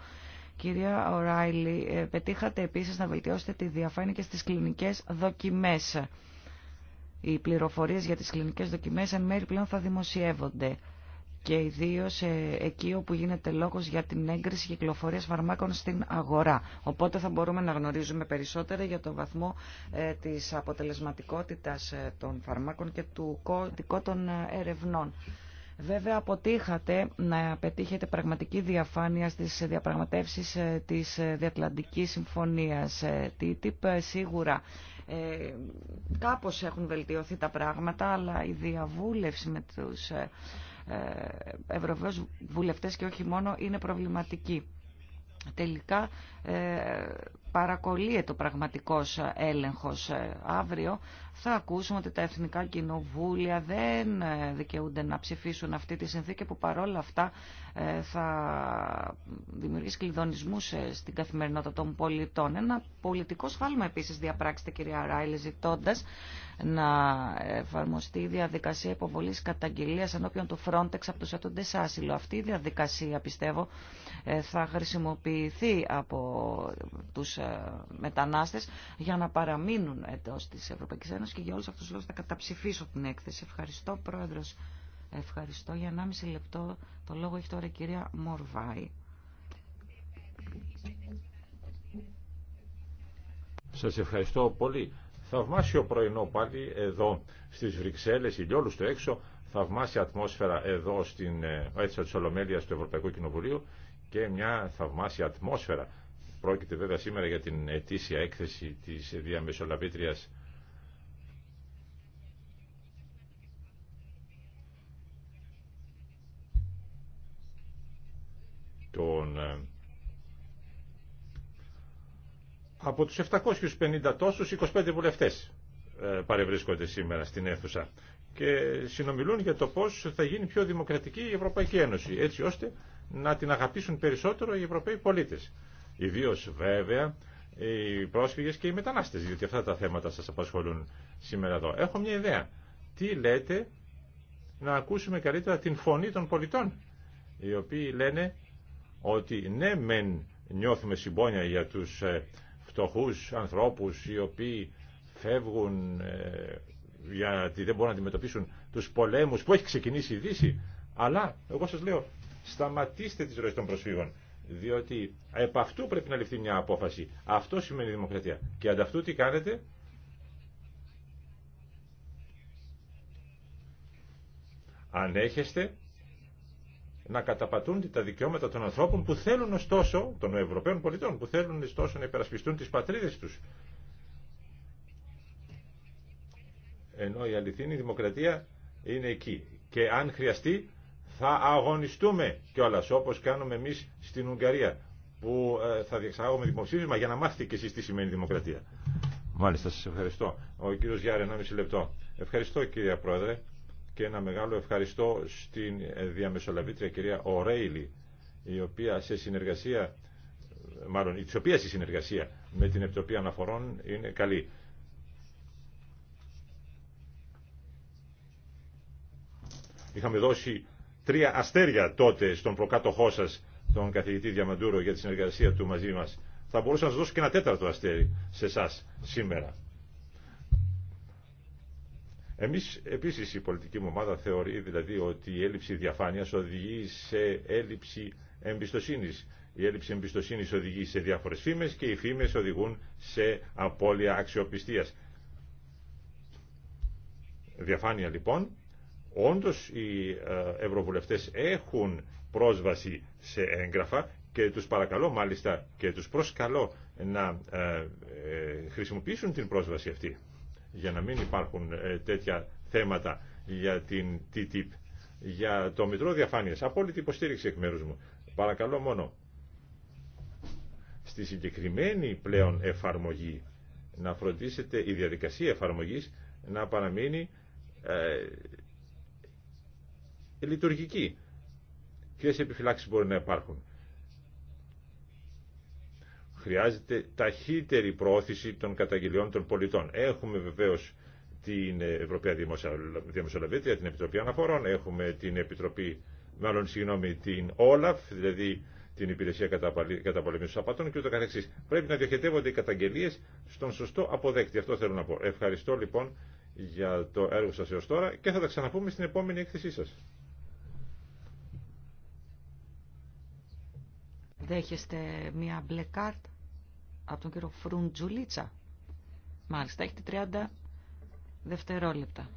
Κυρία Οράιλι, ε, πετύχατε επίσης να βελτιώσετε τη διαφάνεια και στις κλινικές δοκιμές. Οι πληροφορίες για τις κλινικές δοκιμές εν μέρη πλέον θα δημοσιεύονται και ιδίω ε, εκεί όπου γίνεται λόγος για την έγκριση κυκλοφορίας φαρμάκων στην αγορά. Οπότε θα μπορούμε να γνωρίζουμε περισσότερα για το βαθμό ε, της αποτελεσματικότητας ε, των φαρμάκων και του κώδικο των ερευνών. Βέβαια αποτύχατε να πετύχετε πραγματική διαφάνεια στις διαπραγματεύσεις της Διατλαντικής Συμφωνίας TTIP. Σίγουρα κάπως έχουν βελτιωθεί τα πράγματα, αλλά η διαβούλευση με τους ε, Ευρωβουλευτέ βουλευτές και όχι μόνο είναι προβληματική. Τελικά ε, παρακολύεται το πραγματικός ε, έλεγχος ε, αύριο, θα ακούσουμε ότι τα εθνικά κοινοβούλια δεν ε, δικαιούνται να ψηφίσουν αυτή τη συνθήκη που παρόλα αυτά θα δημιουργήσει κλειδονισμούς στην καθημερινότητα των πολιτών. Ένα πολιτικό σφάλμα επίσης διαπράξεται κυρία Ράιλε ζητώντα να εφαρμοστεί η διαδικασία υποβολής καταγγελίας ενώπιον του Frontex από τους ατοντές άσυλο. Αυτή η διαδικασία πιστεύω θα χρησιμοποιηθεί από τους ε, μετανάστες για να παραμείνουν εντός της Ευρωπαϊκής Ένωσης και για όλους αυτούς τους λόγους θα καταψηφίσω την έκθεση. Ευχαριστώ Πρόεδρος. Ευχαριστώ. Για 1,5 λεπτό το λόγο έχει τώρα η κυρία Μορβάη. Σας ευχαριστώ πολύ. Θαυμάσιο πρωινό πάλι εδώ στις Βρυξέλλες, ηλιόλου στο έξω, θαυμάσια ατμόσφαιρα εδώ στην αίθουσα ε, της Ολομέλειας του Ευρωπαϊκού Κοινοβουλίου και μια θαυμάσια ατμόσφαιρα Πρόκειται βέβαια σήμερα για την ετήσια έκθεση της διαμεσολαβήτριας των ε, από τους 750 τόσους 25 βουλευτές ε, παρευρίσκονται σήμερα στην αίθουσα και συνομιλούν για το πώς θα γίνει πιο δημοκρατική η Ευρωπαϊκή Ένωση έτσι ώστε να την αγαπήσουν περισσότερο οι Ευρωπαίοι πολίτες. Ιδίω βέβαια οι πρόσφυγες και οι μετανάστες, γιατί αυτά τα θέματα σας απασχολούν σήμερα εδώ. Έχω μια ιδέα. Τι λέτε να ακούσουμε καλύτερα την φωνή των πολιτών, οι οποίοι λένε ότι ναι μεν νιώθουμε συμπόνια για τους ε, φτωχούς ανθρώπους οι οποίοι φεύγουν ε, γιατί δεν μπορούν να αντιμετωπίσουν τους πολέμους που έχει ξεκινήσει η Δύση, αλλά εγώ σας λέω σταματήστε τις ροές των προσφύγων διότι επ' αυτού πρέπει να ληφθεί μια απόφαση. Αυτό σημαίνει δημοκρατία. Και ανταυτού τι κάνετε. Ανέχεστε να καταπατούνται τα δικαιώματα των ανθρώπων που θέλουν ωστόσο, των Ευρωπαίων πολιτών, που θέλουν ωστόσο να υπερασπιστούν τις πατρίδες τους. Ενώ η αληθινή δημοκρατία είναι εκεί. Και αν χρειαστεί θα αγωνιστούμε κιόλας όπως κάνουμε εμείς στην Ουγγαρία που ε, θα διεξάγουμε δημοψήφισμα για να μάθετε κι εσείς τι σημαίνει δημοκρατία. Μάλιστα, σας ευχαριστώ. Ο κύριος Γιάρη, μισή λεπτό. Ευχαριστώ κύριε Πρόεδρε και ένα μεγάλο ευχαριστώ στην ε, διαμεσολαβήτρια κυρία Ορέιλι η οποία σε συνεργασία μάλλον η οποία η συνεργασία με την Επιτροπή Αναφορών είναι καλή. Είχαμε δώσει τρία αστέρια τότε στον προκάτοχό σα, τον καθηγητή Διαμαντούρο, για τη συνεργασία του μαζί μας. Θα μπορούσα να σα δώσω και ένα τέταρτο αστέρι σε εσά σήμερα. Εμείς επίση η πολιτική μου ομάδα θεωρεί δηλαδή ότι η έλλειψη διαφάνειας οδηγεί σε έλλειψη εμπιστοσύνης. Η έλλειψη εμπιστοσύνης οδηγεί σε διάφορε φήμε και οι φήμε οδηγούν σε απώλεια αξιοπιστία. Διαφάνεια λοιπόν Όντως οι ε, ευρωβουλευτές έχουν πρόσβαση σε έγγραφα και τους παρακαλώ μάλιστα και τους προσκαλώ να ε, ε, χρησιμοποιήσουν την πρόσβαση αυτή για να μην υπάρχουν τέτοια θέματα για την TTIP, για το Μητρό Διαφάνειας. Απόλυτη υποστήριξη εκ μέρους μου. Παρακαλώ μόνο στη συγκεκριμένη πλέον εφαρμογή να φροντίσετε η διαδικασία εφαρμογής να παραμείνει ε, λειτουργική. Ποιες επιφυλάξεις μπορεί να υπάρχουν. Χρειάζεται ταχύτερη προώθηση των καταγγελιών των πολιτών. Έχουμε βεβαίω την Ευρωπαϊκή Διαμεσολαβήτρια, την Επιτροπή Αναφορών, έχουμε την Επιτροπή, μάλλον συγγνώμη, την Όλαφ, δηλαδή την Υπηρεσία των Σαπατών και ούτω καθεξής. Πρέπει να διοχετεύονται οι καταγγελίες στον σωστό αποδέκτη. Αυτό θέλω να πω. Ευχαριστώ λοιπόν για το έργο σα έω τώρα και θα τα ξαναπούμε στην επόμενη έκθεσή σα. Δέχεστε μία μπλε κάρτα από τον κύριο Φρουντζουλίτσα. Μάλιστα, έχετε 30 δευτερόλεπτα.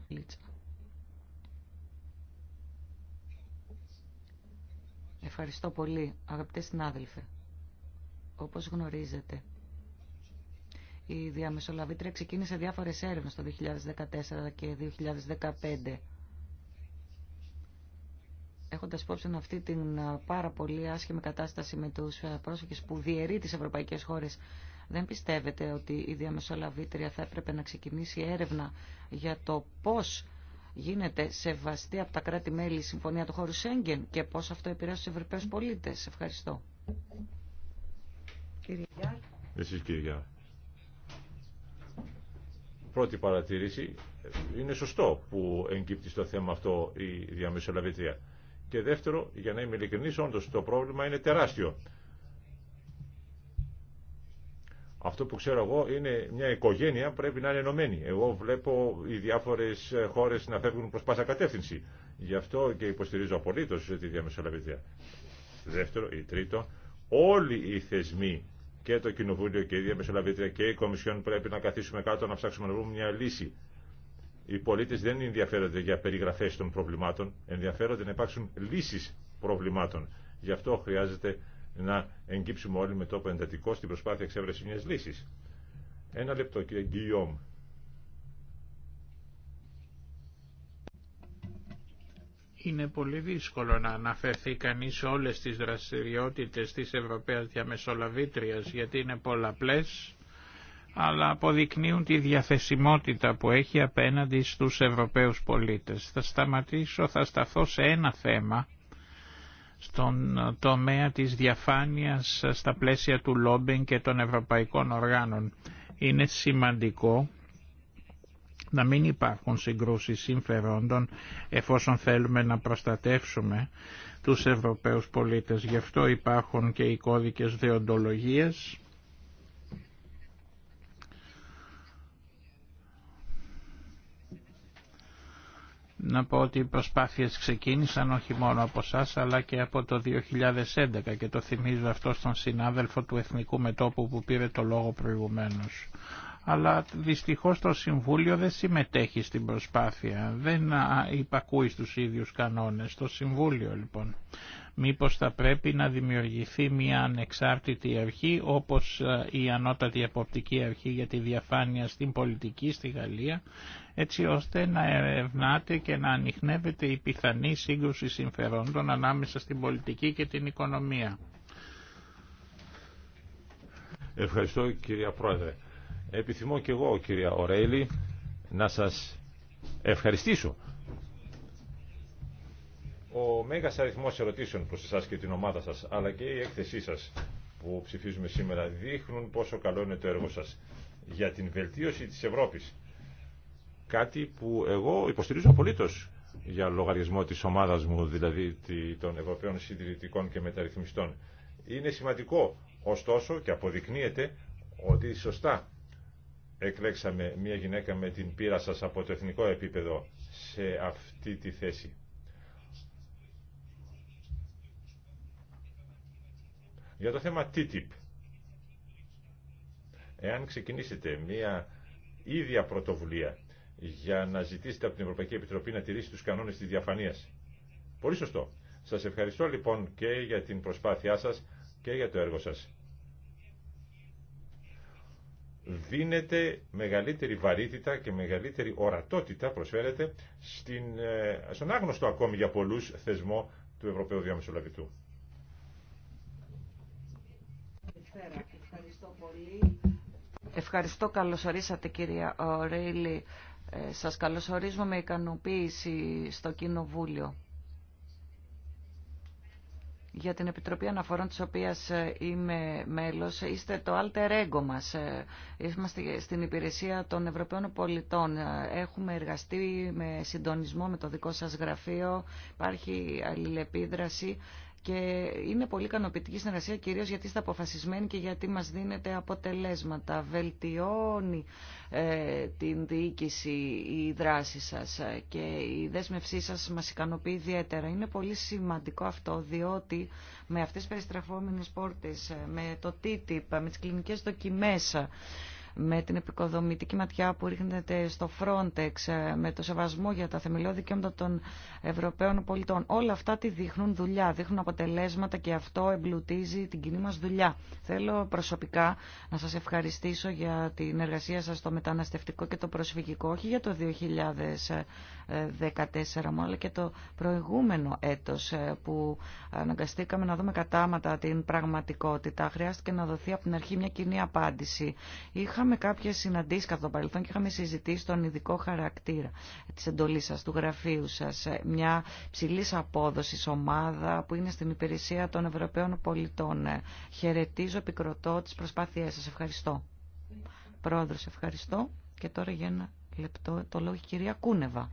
Ευχαριστώ πολύ, αγαπητέ συνάδελφε. Όπως γνωρίζετε, η διαμεσολαβήτρια ξεκίνησε διάφορες έρευνες το 2014 και 2015 έχοντα υπόψη αυτή την ε, πάρα πολύ άσχημη κατάσταση με του ε, πρόσφυγε που διαιρεί τι ευρωπαϊκέ χώρε, δεν πιστεύετε ότι η διαμεσολαβήτρια θα έπρεπε να ξεκινήσει έρευνα για το πώ γίνεται σεβαστή από τα κράτη-μέλη η συμφωνία του χώρου Σέγγεν και πώ αυτό επηρεάζει του Ευρωπαίου πολίτε. Ευχαριστώ. Εσείς Πρώτη παρατήρηση. Είναι σωστό που εγκύπτει στο θέμα αυτό η διαμεσολαβήτρια. Και δεύτερο, για να είμαι ειλικρινής, όντως το πρόβλημα είναι τεράστιο. Αυτό που ξέρω εγώ είναι μια οικογένεια πρέπει να είναι ενωμένη. Εγώ βλέπω οι διάφορε χώρε να φεύγουν προς πάσα κατεύθυνση. Γι' αυτό και υποστηρίζω απολύτως τη διαμεσολαβητία. Δεύτερο ή τρίτο, όλοι οι θεσμοί και το Κοινοβούλιο και η Διαμεσολαβήτρια και η Κομισιόν πρέπει να καθίσουμε κάτω να ψάξουμε να βρούμε μια λύση. Οι πολίτες δεν ενδιαφέρονται για περιγραφές των προβλημάτων, ενδιαφέρονται να υπάρξουν λύσεις προβλημάτων. Γι' αυτό χρειάζεται να εγκύψουμε όλοι με τόπο εντατικό στην προσπάθεια εξέβρεση μιας λύσης. Ένα λεπτό κύριε Γκυλιόμ. Είναι πολύ δύσκολο να αναφερθεί κανείς σε όλες τις δραστηριότητες της Ευρωπαίας Διαμεσολαβήτριας γιατί είναι πολλαπλές αλλά αποδεικνύουν τη διαθεσιμότητα που έχει απέναντι στους Ευρωπαίους πολίτες. Θα σταματήσω, θα σταθώ σε ένα θέμα στον τομέα της διαφάνειας στα πλαίσια του λόμπινγκ και των ευρωπαϊκών οργάνων. Είναι σημαντικό να μην υπάρχουν συγκρούσεις συμφερόντων εφόσον θέλουμε να προστατεύσουμε τους Ευρωπαίους πολίτες. Γι' αυτό υπάρχουν και οι κώδικες δεοντολογίας να πω ότι οι προσπάθειες ξεκίνησαν όχι μόνο από εσά αλλά και από το 2011 και το θυμίζω αυτό στον συνάδελφο του Εθνικού Μετώπου που πήρε το λόγο προηγουμένως. Αλλά δυστυχώς το Συμβούλιο δεν συμμετέχει στην προσπάθεια, δεν υπακούει στους ίδιους κανόνες. Το Συμβούλιο λοιπόν. Μήπως θα πρέπει να δημιουργηθεί μια ανεξάρτητη αρχή όπως η Ανώτατη Αποπτική Αρχή για τη Διαφάνεια στην Πολιτική στη Γαλλία έτσι ώστε να ερευνάτε και να ανοιχνεύετε η πιθανή σύγκρουση συμφερόντων ανάμεσα στην πολιτική και την οικονομία. Ευχαριστώ κυρία Πρόεδρε. Επιθυμώ και εγώ κυρία Ορέιλη να σας ευχαριστήσω. Ο μέγας αριθμός ερωτήσεων προς εσάς και την ομάδα σας αλλά και η έκθεσή σας που ψηφίζουμε σήμερα δείχνουν πόσο καλό είναι το έργο σας για την βελτίωση της Ευρώπης κάτι που εγώ υποστηρίζω απολύτως για λογαριασμό της ομάδας μου, δηλαδή των Ευρωπαίων Συντηρητικών και Μεταρρυθμιστών. Είναι σημαντικό, ωστόσο, και αποδεικνύεται ότι σωστά εκλέξαμε μια γυναίκα με την πείρα σας από το εθνικό επίπεδο σε αυτή τη θέση. Για το θέμα TTIP, εάν ξεκινήσετε μια ίδια πρωτοβουλία για να ζητήσετε από την Ευρωπαϊκή Επιτροπή να τηρήσει τους κανόνες της διαφανείας. Πολύ σωστό. Σας ευχαριστώ λοιπόν και για την προσπάθειά σας και για το έργο σας. Δίνετε μεγαλύτερη βαρύτητα και μεγαλύτερη ορατότητα, προσφέρετε, στην, ε, στον άγνωστο ακόμη για πολλούς θεσμό του Ευρωπαίου Διαμεσολαβητού. Ευχαριστώ πολύ. Ευχαριστώ. Καλώς ορίσατε κυρία Ρέιλι σας καλωσορίζουμε με ικανοποίηση στο Κοινοβούλιο για την Επιτροπή Αναφορών της οποίας ε, είμαι μέλος. Είστε το alter ego μας. Ε, είμαστε στην υπηρεσία των Ευρωπαίων πολιτών. Ε, έχουμε εργαστεί με συντονισμό με το δικό σας γραφείο. Υπάρχει αλληλεπίδραση και είναι πολύ ικανοποιητική συνεργασία κυρίως γιατί είστε αποφασισμένοι και γιατί μας δίνετε αποτελέσματα. Βελτιώνει ε, την διοίκηση η δράση σας ε, και η δέσμευσή σας μας ικανοποιεί ιδιαίτερα. Είναι πολύ σημαντικό αυτό διότι με αυτές τις περιστραφόμενες πόρτες, ε, με το TTIP, με τις κλινικές δοκιμές με την επικοδομητική ματιά που ρίχνεται στο Frontex, ε, με το σεβασμό για τα θεμελιώδη δικαιώματα των Ευρωπαίων πολιτών. Όλα αυτά τη δείχνουν δουλειά, δείχνουν αποτελέσματα και αυτό εμπλουτίζει την κοινή μας δουλειά. Θέλω προσωπικά να σας ευχαριστήσω για την εργασία σας στο μεταναστευτικό και το προσφυγικό, όχι για το 2014 μόνο, αλλά και το προηγούμενο έτος ε, που αναγκαστήκαμε να δούμε κατάματα την πραγματικότητα. Χρειάστηκε να δοθεί από την αρχή μια κοινή απάντηση. Είχαμε κάποιε συναντήσει κατά το παρελθόν και είχαμε συζητήσει τον ειδικό χαρακτήρα τη εντολή σα, του γραφείου σα. Ε, μια ψηλή απόδοση ομάδα που είναι στην υπηρεσία των Ευρωπαίων πολιτών. Ε, χαιρετίζω, επικροτώ τι προσπάθειέ σα. Ευχαριστώ. Πρόεδρο, ευχαριστώ. Και τώρα για ένα λεπτό το λόγο η κυρία Κούνεβα.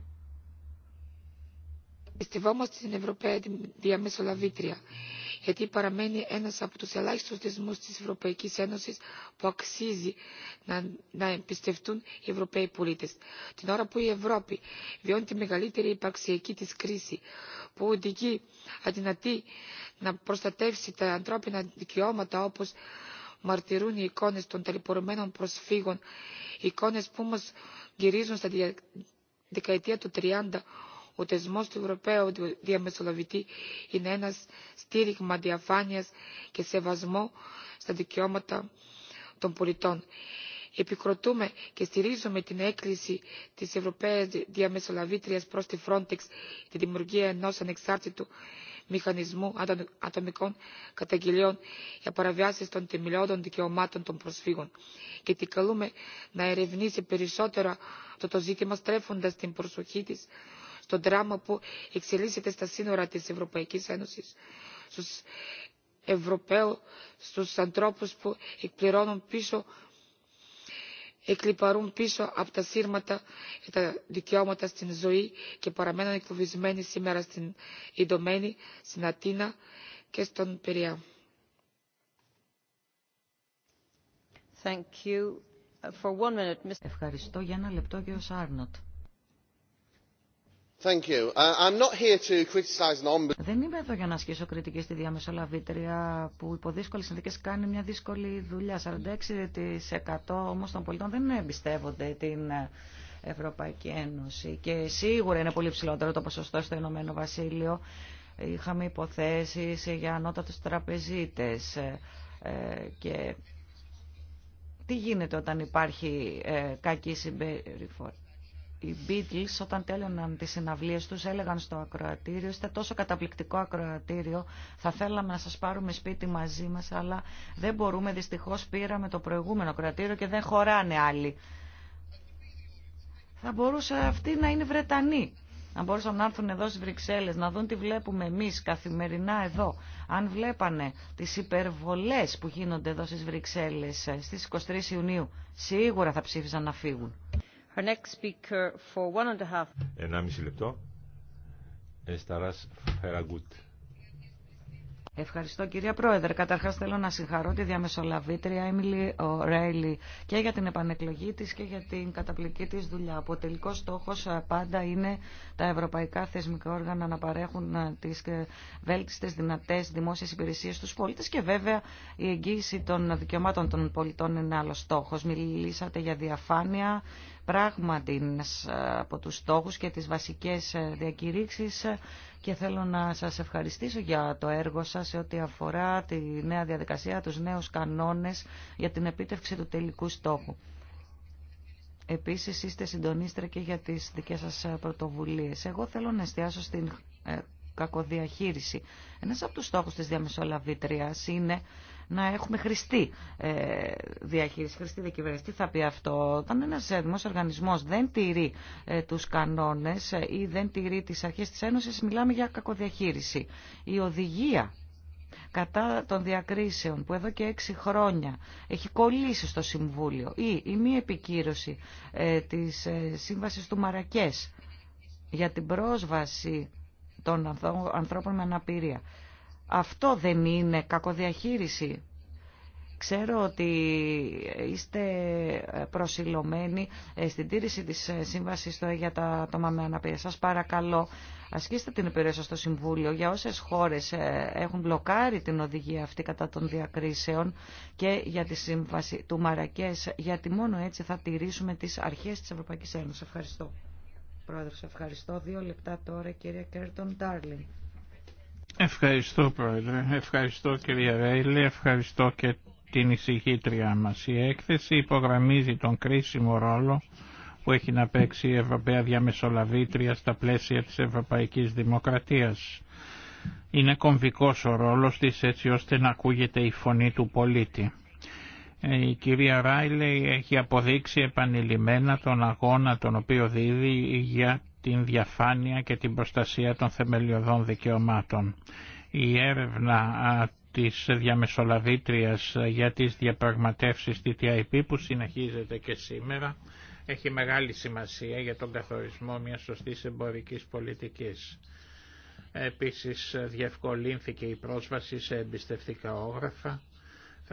Πιστεύόμαστε στην Ευρωπαία διαμεσολαβήτρια γιατί παραμένει ένας από τους ελάχιστους θεσμούς της Ευρωπαϊκής Ένωσης που αξίζει να, να εμπιστευτούν οι Ευρωπαίοι πολίτες. Την ώρα που η Ευρώπη βιώνει τη μεγαλύτερη υπαρξιακή της κρίση που οδηγεί αδυνατή να προστατεύσει τα ανθρώπινα δικαιώματα όπως μαρτυρούν οι εικόνες των ταλαιπωρημένων προσφύγων, εικόνες που μας γυρίζουν στα δεκαετία του 30 ο θεσμό του Ευρωπαίου Διαμεσολαβητή είναι ένα στήριγμα διαφάνειας και σεβασμό στα δικαιώματα των πολιτών. Επικροτούμε και στηρίζουμε την έκκληση της Ευρωπαίας Διαμεσολαβήτριας προς τη Frontex τη δημιουργία ενός ανεξάρτητου μηχανισμού ατομικών καταγγελιών για παραβιάσεις των τεμιλιώδων δικαιωμάτων των προσφύγων και την καλούμε να ερευνήσει περισσότερα το το ζήτημα στρέφοντας την προσοχή της στο δράμα που εξελίσσεται στα σύνορα της Ευρωπαϊκής Ένωσης, στους Ευρωπαίους, στους ανθρώπους που εκπληρώνουν πίσω εκλυπαρούν πίσω από τα σύρματα και τα δικαιώματα στην ζωή και παραμένουν εκφοβισμένοι σήμερα στην Ιντομένη, στην Ατίνα και στον Περιά. Ευχαριστώ για ένα λεπτό, κύριο Σάρνοτ. Δεν είμαι εδώ για να ασκήσω κριτική στη διαμεσολαβήτρια που υπό δύσκολε συνθήκε κάνει μια δύσκολη δουλειά. 46% όμω των πολιτών δεν εμπιστεύονται την Ευρωπαϊκή Ένωση και σίγουρα είναι πολύ ψηλότερο το ποσοστό στο Ηνωμένο Βασίλειο. Είχαμε υποθέσει για ανώτατου τραπεζίτες ε, και τι γίνεται όταν υπάρχει ε, κακή συμπεριφορά οι Beatles όταν τέλειωναν τις συναυλίες τους έλεγαν στο ακροατήριο είστε τόσο καταπληκτικό ακροατήριο θα θέλαμε να σας πάρουμε σπίτι μαζί μας αλλά δεν μπορούμε δυστυχώς πήραμε το προηγούμενο ακροατήριο και δεν χωράνε άλλοι. Θα μπορούσε αυτή να είναι Βρετανοί, Αν μπορούσαν να έρθουν εδώ στις Βρυξέλλες, να δουν τι βλέπουμε εμείς καθημερινά εδώ. Αν βλέπανε τις υπερβολές που γίνονται εδώ στις Βρυξέλλες ε, στις 23 Ιουνίου, σίγουρα θα ψήφισαν να φύγουν λεπτό. Εσταράς Φεραγκούτ. Ευχαριστώ κυρία Πρόεδρε. Καταρχάς θέλω να συγχαρώ τη διαμεσολαβήτρια Έμιλι Ρέιλι και για την επανεκλογή της και για την καταπληκτική της δουλειά. Ο τελικό στόχος ε, πάντα είναι τα ευρωπαϊκά θεσμικά όργανα να παρέχουν ε, τις ε, βέλτιστες δυνατές δημόσιες υπηρεσίες στους πολίτες και βέβαια η εγγύηση των δικαιωμάτων των πολιτών είναι άλλο στόχος. Μιλήσατε για διαφάνεια, πράγματι ε, από τους στόχους και τις βασικές ε, διακηρύξεις ε, και θέλω να σας ευχαριστήσω για το έργο σας σε ό,τι αφορά τη νέα διαδικασία, τους νέους κανόνες για την επίτευξη του τελικού στόχου. Επίσης είστε συντονίστρα και για τις δικές σας πρωτοβουλίες. Εγώ θέλω να εστιάσω στην κακοδιαχείριση. Ένας από τους στόχους της διαμεσολαβήτριας είναι να έχουμε χρηστή ε, διαχείριση, χρηστή διακυβέρνηση. Τι θα πει αυτό, όταν ένα ε, δημόσιο οργανισμό δεν τηρεί ε, του κανόνε ή δεν τηρεί τι αρχέ τη Ένωση, μιλάμε για κακοδιαχείριση. Η οδηγία κατά των διακρίσεων που εδώ και έξι χρόνια έχει κολλήσει στο Συμβούλιο ή η μη επικύρωση της σύμβασης του Μαρακές για την πρόσβαση των ανθρώπων με αναπηρία αυτό δεν είναι κακοδιαχείριση. Ξέρω ότι είστε προσιλωμένοι ε, στην τήρηση της ε, σύμβασης για τα άτομα με αναπηρία. Σας παρακαλώ, ασκήστε την επιρροή σας στο Συμβούλιο για όσες χώρες ε, έχουν μπλοκάρει την οδηγία αυτή κατά των διακρίσεων και για τη σύμβαση του Μαρακές, γιατί μόνο έτσι θα τηρήσουμε τις αρχές της Ευρωπαϊκής Ένωσης. Ευχαριστώ. Πρόεδρος, ευχαριστώ. Δύο λεπτά τώρα, κυρία Κέρτον Ντάρλινγκ. Ευχαριστώ Πρόεδρε, ευχαριστώ κυρία Ρέιλε, ευχαριστώ και την ησυχήτριά μας. Η έκθεση υπογραμμίζει τον κρίσιμο ρόλο που έχει να παίξει η Ευρωπαία Διαμεσολαβήτρια στα πλαίσια της Ευρωπαϊκής Δημοκρατίας. Είναι κομβικός ο ρόλος της έτσι ώστε να ακούγεται η φωνή του πολίτη. Ε, η κυρία Ράιλε έχει αποδείξει επανειλημμένα τον αγώνα τον οποίο δίδει για την διαφάνεια και την προστασία των θεμελιωδών δικαιωμάτων. Η έρευνα της διαμεσολαβήτριας για τις διαπραγματεύσεις TTIP που συνεχίζεται και σήμερα έχει μεγάλη σημασία για τον καθορισμό μιας σωστής εμπορικής πολιτικής. Επίσης διευκολύνθηκε η πρόσβαση σε εμπιστευτικά όγραφα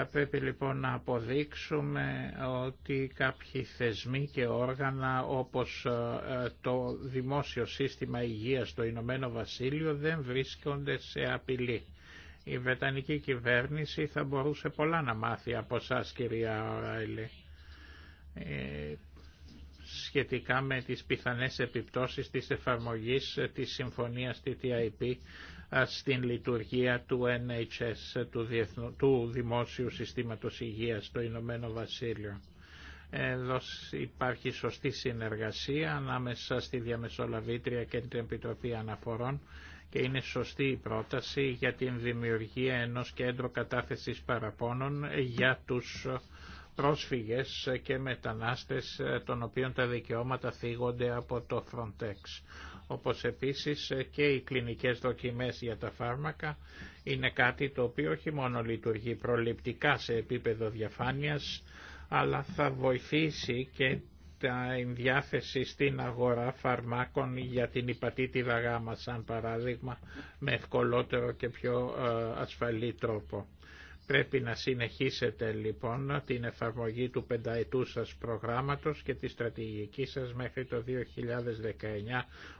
θα πρέπει λοιπόν να αποδείξουμε ότι κάποιοι θεσμοί και όργανα όπως ε, το Δημόσιο Σύστημα Υγείας στο Ηνωμένο Βασίλειο δεν βρίσκονται σε απειλή. Η Βρετανική κυβέρνηση θα μπορούσε πολλά να μάθει από σας κυρία Ωράιλη ε, σχετικά με τις πιθανές επιπτώσεις της εφαρμογής της συμφωνίας TTIP στην λειτουργία του NHS, του, του Δημόσιου Συστήματος Υγείας στο Ηνωμένο Βασίλειο. Εδώ υπάρχει σωστή συνεργασία ανάμεσα στη Διαμεσολαβήτρια και την Επιτροπή Αναφορών και είναι σωστή η πρόταση για την δημιουργία ενός κέντρου κατάθεσης παραπώνων για τους πρόσφυγες και μετανάστες των οποίων τα δικαιώματα θίγονται από το Frontex όπως επίσης και οι κλινικές δοκιμές για τα φάρμακα είναι κάτι το οποίο όχι μόνο λειτουργεί προληπτικά σε επίπεδο διαφάνειας, αλλά θα βοηθήσει και τα ενδιάθεση στην αγορά φαρμάκων για την υπατήτη γάμα σαν παράδειγμα, με ευκολότερο και πιο ε, ασφαλή τρόπο. Πρέπει να συνεχίσετε λοιπόν την εφαρμογή του πενταετού σας προγράμματος και τη στρατηγική σας μέχρι το 2019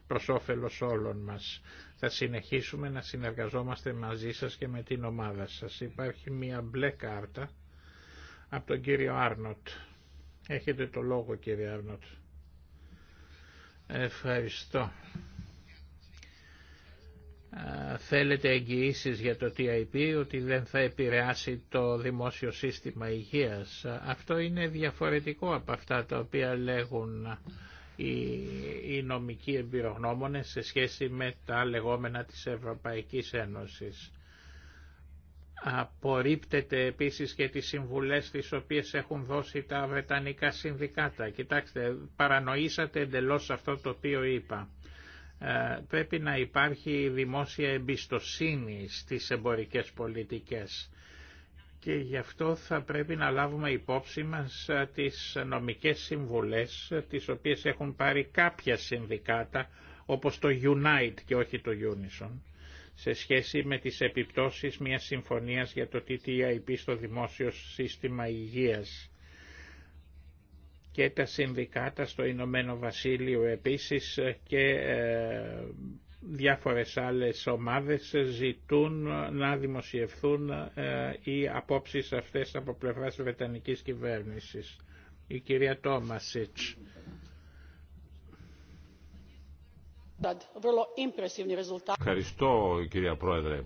προς όφελος όλων μας. Θα συνεχίσουμε να συνεργαζόμαστε μαζί σας και με την ομάδα σας. Υπάρχει μια μπλε κάρτα από τον κύριο Άρνοτ. Έχετε το λόγο κύριε Άρνοτ. Ευχαριστώ θέλετε εγγυήσει για το TIP ότι δεν θα επηρεάσει το δημόσιο σύστημα υγείας. Αυτό είναι διαφορετικό από αυτά τα οποία λέγουν οι, οι νομικοί εμπειρογνώμονες σε σχέση με τα λεγόμενα της Ευρωπαϊκής Ένωσης. Απορρίπτεται επίσης και τις συμβουλές τις οποίες έχουν δώσει τα Βρετανικά Συνδικάτα. Κοιτάξτε, παρανοήσατε εντελώς αυτό το οποίο είπα. Ε, πρέπει να υπάρχει δημόσια εμπιστοσύνη στις εμπορικές πολιτικές και γι' αυτό θα πρέπει να λάβουμε υπόψη μας ε, τις νομικές συμβουλές ε, τις οποίες έχουν πάρει κάποια συνδικάτα όπως το Unite και όχι το Unison σε σχέση με τις επιπτώσεις μιας συμφωνίας για το TTIP στο δημόσιο σύστημα υγείας και τα συνδικάτα στο Ηνωμένο Βασίλειο επίσης και ε, διάφορες άλλες ομάδες ζητούν να δημοσιευθούν ε, οι απόψεις αυτές από πλευράς Βρετανικής κυβέρνησης. Η κυρία Τόμασιτς. Ευχαριστώ κυρία Πρόεδρε.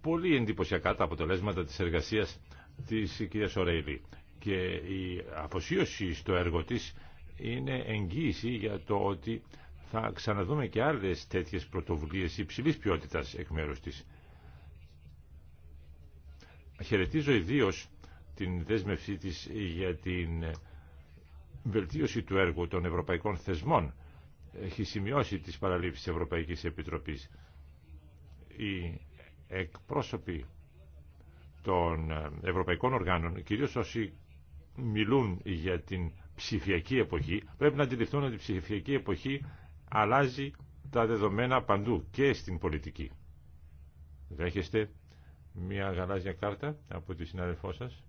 Πολύ εντυπωσιακά τα αποτελέσματα της εργασίας της κυρίας Ορέιλη και η αφοσίωση στο έργο της είναι εγγύηση για το ότι θα ξαναδούμε και άλλες τέτοιες πρωτοβουλίες υψηλής ποιότητας εκ μέρους της. Χαιρετίζω ιδίω την δέσμευσή της για την βελτίωση του έργου των ευρωπαϊκών θεσμών. Έχει σημειώσει τις παραλήψεις της Ευρωπαϊκής Επιτροπής. Οι εκπρόσωποι των ευρωπαϊκών οργάνων, κυρίως όσοι μιλούν για την ψηφιακή εποχή, πρέπει να αντιληφθούν ότι η ψηφιακή εποχή αλλάζει τα δεδομένα παντού και στην πολιτική. Δέχεστε μια γαλάζια κάρτα από τη συνάδελφό σας.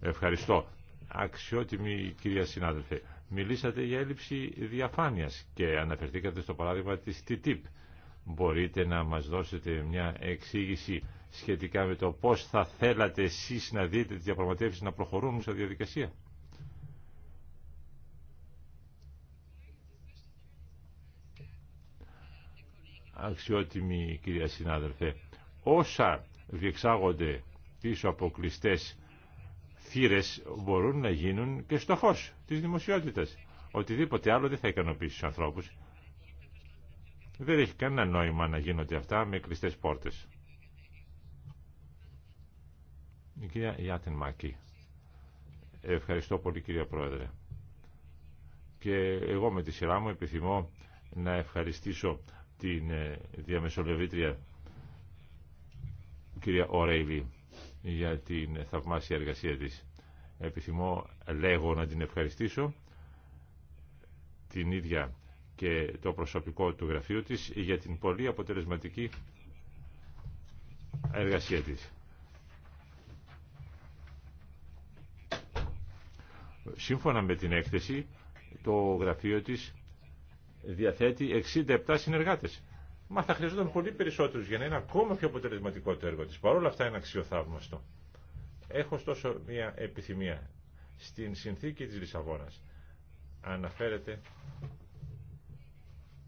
Ευχαριστώ. Αξιότιμη κυρία συνάδελφε, μιλήσατε για έλλειψη διαφάνειας και αναφερθήκατε στο παράδειγμα της TTIP. Μπορείτε να μας δώσετε μια εξήγηση σχετικά με το πώς θα θέλατε εσείς να δείτε τις διαπραγματεύσεις να προχωρούν σε διαδικασία. Αξιότιμη κυρία συνάδελφε, όσα διεξάγονται πίσω από κλειστές θύρες μπορούν να γίνουν και στο φως της δημοσιότητας. Οτιδήποτε άλλο δεν θα ικανοποιήσει τους ανθρώπους. Δεν έχει κανένα νόημα να γίνονται αυτά με κλειστές πόρτες. Η κυρία Ιάτεν Μάκη. Ευχαριστώ πολύ κυρία Πρόεδρε. Και εγώ με τη σειρά μου επιθυμώ να ευχαριστήσω την ε, διαμεσολευήτρια κυρία Ορέιλι για την θαυμάσια εργασία της. Επιθυμώ λέγω να την ευχαριστήσω την ίδια και το προσωπικό του γραφείου της για την πολύ αποτελεσματική εργασία της. Σύμφωνα με την έκθεση, το γραφείο της διαθέτει 67 συνεργάτες. Μα θα χρειαζόταν πολύ περισσότερους για να είναι ακόμα πιο αποτελεσματικό το έργο της. Παρ' όλα αυτά είναι αξιοθαύμαστο. Έχω ωστόσο μία επιθυμία. Στην συνθήκη της Λισαβόνας αναφέρεται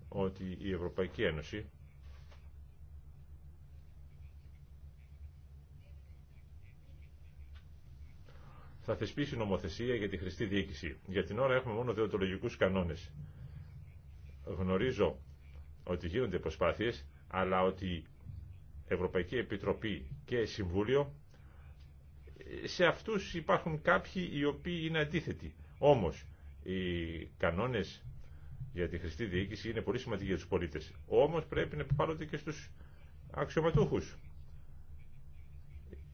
ότι η Ευρωπαϊκή Ένωση θα θεσπίσει νομοθεσία για τη χρηστή διοίκηση. Για την ώρα έχουμε μόνο δεοντολογικούς κανόνες. Γνωρίζω ότι γίνονται προσπάθειες, αλλά ότι Ευρωπαϊκή Επιτροπή και Συμβούλιο, σε αυτούς υπάρχουν κάποιοι οι οποίοι είναι αντίθετοι. Όμως, οι κανόνες για τη χρηστή διοίκηση είναι πολύ σημαντικοί για τους πολίτες. Όμως πρέπει να επιβάλλονται και στους αξιωματούχους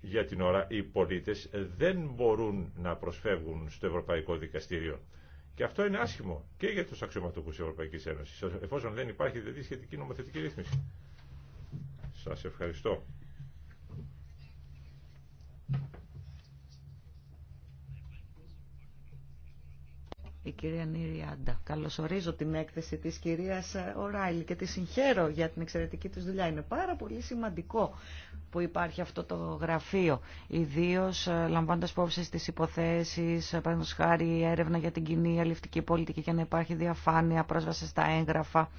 για την ώρα οι πολίτες δεν μπορούν να προσφεύγουν στο Ευρωπαϊκό Δικαστήριο. Και αυτό είναι άσχημο και για τους αξιωματούχους της Ευρωπαϊκής Ένωσης, εφόσον δεν υπάρχει δηλαδή σχετική νομοθετική ρύθμιση. Σας ευχαριστώ. η κυρία Νίριάντα. Καλωσορίζω την έκθεση της κυρίας Οράιλη και τη συγχαίρω για την εξαιρετική της δουλειά. Είναι πάρα πολύ σημαντικό που υπάρχει αυτό το γραφείο, ιδίω ε, λαμβάνοντα υπόψη στις υποθέσεις, ε, παραδείγματο χάρη έρευνα για την κοινή αληφτική πολιτική για να υπάρχει διαφάνεια, πρόσβαση στα έγγραφα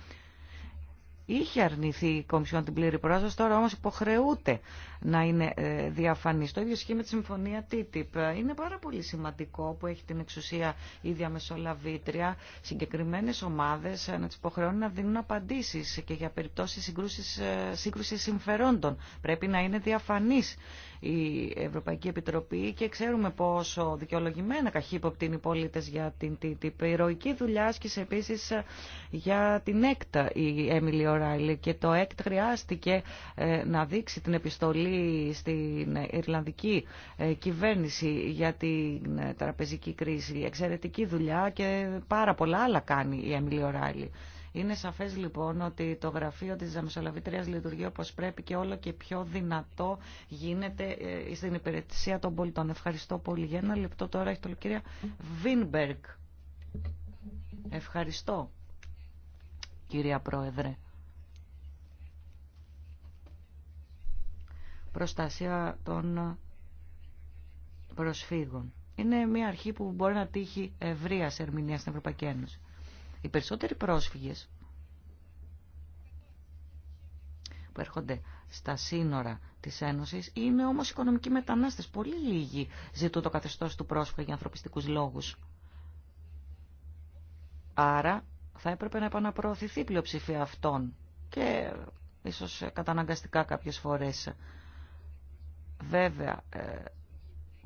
είχε αρνηθεί η Κομισιόν την πλήρη πρόσβαση, τώρα όμως υποχρεούται να είναι ε, διαφανής. Το ίδιο με τη συμφωνία TTIP. Είναι πάρα πολύ σημαντικό που έχει την εξουσία η διαμεσολαβήτρια συγκεκριμένες ομάδες ε, να τις υποχρεώνουν να δίνουν απαντήσεις και για περιπτώσεις συγκρούσης, ε, συμφερόντων. Πρέπει να είναι διαφανής η Ευρωπαϊκή Επιτροπή και ξέρουμε πόσο δικαιολογημένα καχύποπτοι είναι οι πολίτε για την TTIP. Η ροϊκή δουλειά άσκησε για την ΕΚΤΑ η Έμιλιο Ράιλι και το ΕΚΤ χρειάστηκε ε, να δείξει την επιστολή στην Ιρλανδική ε, κυβέρνηση για την ε, τραπεζική κρίση. Εξαιρετική δουλειά και πάρα πολλά άλλα κάνει η Εμιλή Ράιλι. Είναι σαφές λοιπόν ότι το γραφείο της Ζαμεσολαβήτριας λειτουργεί όπως πρέπει και όλο και πιο δυνατό γίνεται στην υπηρεσία των πολιτών. Ευχαριστώ πολύ. Για ένα λεπτό τώρα έχει το κυρία Βίνμπεργκ. Ευχαριστώ κυρία Πρόεδρε. προστασία των προσφύγων. Είναι μια αρχή που μπορεί να τύχει ευρεία ερμηνεία στην Ευρωπαϊκή Ένωση. Οι περισσότεροι πρόσφυγες που έρχονται στα σύνορα της Ένωσης είναι όμως οικονομικοί μετανάστες. Πολύ λίγοι ζητούν το καθεστώς του πρόσφυγα για ανθρωπιστικούς λόγους. Άρα θα έπρεπε να επαναπροωθηθεί η πλειοψηφία αυτών και ίσως καταναγκαστικά κάποιες φορές Βέβαια, ε,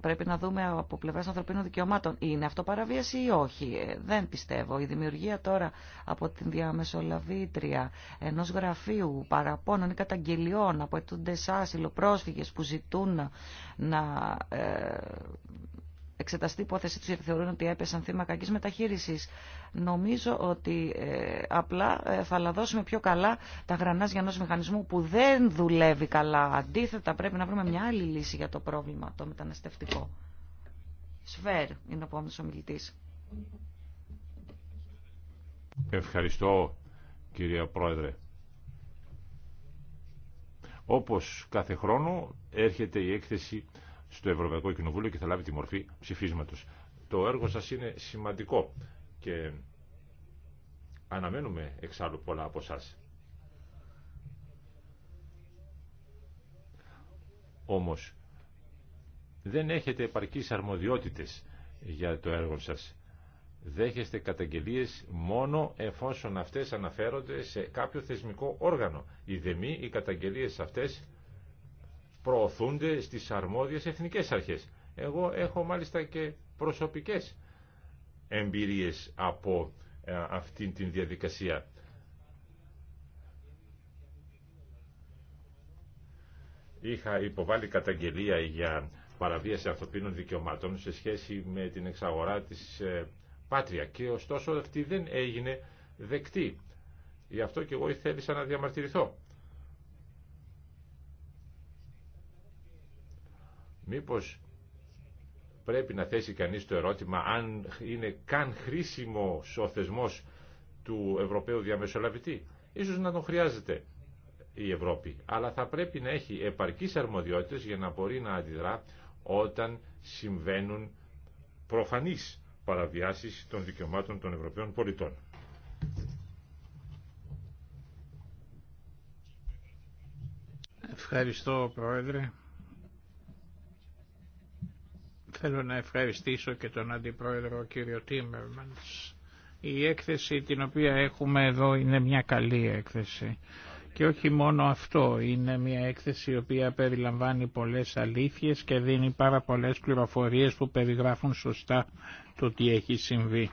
πρέπει να δούμε από πλευρά ανθρωπίνων δικαιωμάτων. Είναι αυτό παραβίαση ή όχι. Ε, δεν πιστεύω. Η δημιουργία τώρα από την διαμεσολαβήτρια ενό γραφείου παραπώνων ή καταγγελιών από ετούντε άσυλο πρόσφυγε που ζητούν να ε, εξεταστεί η υπόθεση του γιατί θεωρούν ότι έπεσαν θύμα κακή μεταχείρισης. Νομίζω ότι ε, απλά ε, θα λαδώσουμε πιο καλά τα γρανάζια ενό μηχανισμού που δεν δουλεύει καλά. Αντίθετα πρέπει να βρούμε μια άλλη λύση για το πρόβλημα το μεταναστευτικό. Σφαίρ είναι ο επόμενος ομιλητή. Ευχαριστώ κυρία Πρόεδρε. Όπως κάθε χρόνο έρχεται η έκθεση στο Ευρωπαϊκό Κοινοβούλιο και θα λάβει τη μορφή ψηφίσματος. Το έργο σας είναι σημαντικό και αναμένουμε εξάλλου πολλά από εσά. Όμως δεν έχετε επαρκείς αρμοδιότητες για το έργο σας. Δέχεστε καταγγελίες μόνο εφόσον αυτές αναφέρονται σε κάποιο θεσμικό όργανο. Οι δεμή οι καταγγελίες αυτές προωθούνται στις αρμόδιες εθνικές αρχές. Εγώ έχω μάλιστα και προσωπικές εμπειρίες από ε, αυτήν την διαδικασία. Είχα υποβάλει καταγγελία για παραβίαση ανθρωπίνων δικαιωμάτων σε σχέση με την εξαγορά της ε, Πάτρια και ωστόσο αυτή δεν έγινε δεκτή. Γι' αυτό και εγώ ήθελα να διαμαρτυρηθώ. Μήπως πρέπει να θέσει κανείς το ερώτημα αν είναι καν χρήσιμο ο θεσμός του Ευρωπαίου Διαμεσολαβητή. Ίσως να τον χρειάζεται η Ευρώπη, αλλά θα πρέπει να έχει επαρκείς αρμοδιότητες για να μπορεί να αντιδρά όταν συμβαίνουν προφανείς παραβιάσεις των δικαιωμάτων των Ευρωπαίων πολιτών. Ευχαριστώ Πρόεδρε. Θέλω να ευχαριστήσω και τον Αντιπρόεδρο κύριο Τίμερμανς. Η έκθεση την οποία έχουμε εδώ είναι μια καλή έκθεση. Και όχι μόνο αυτό, είναι μια έκθεση η οποία περιλαμβάνει πολλές αλήθειες και δίνει πάρα πολλές πληροφορίες που περιγράφουν σωστά το τι έχει συμβεί.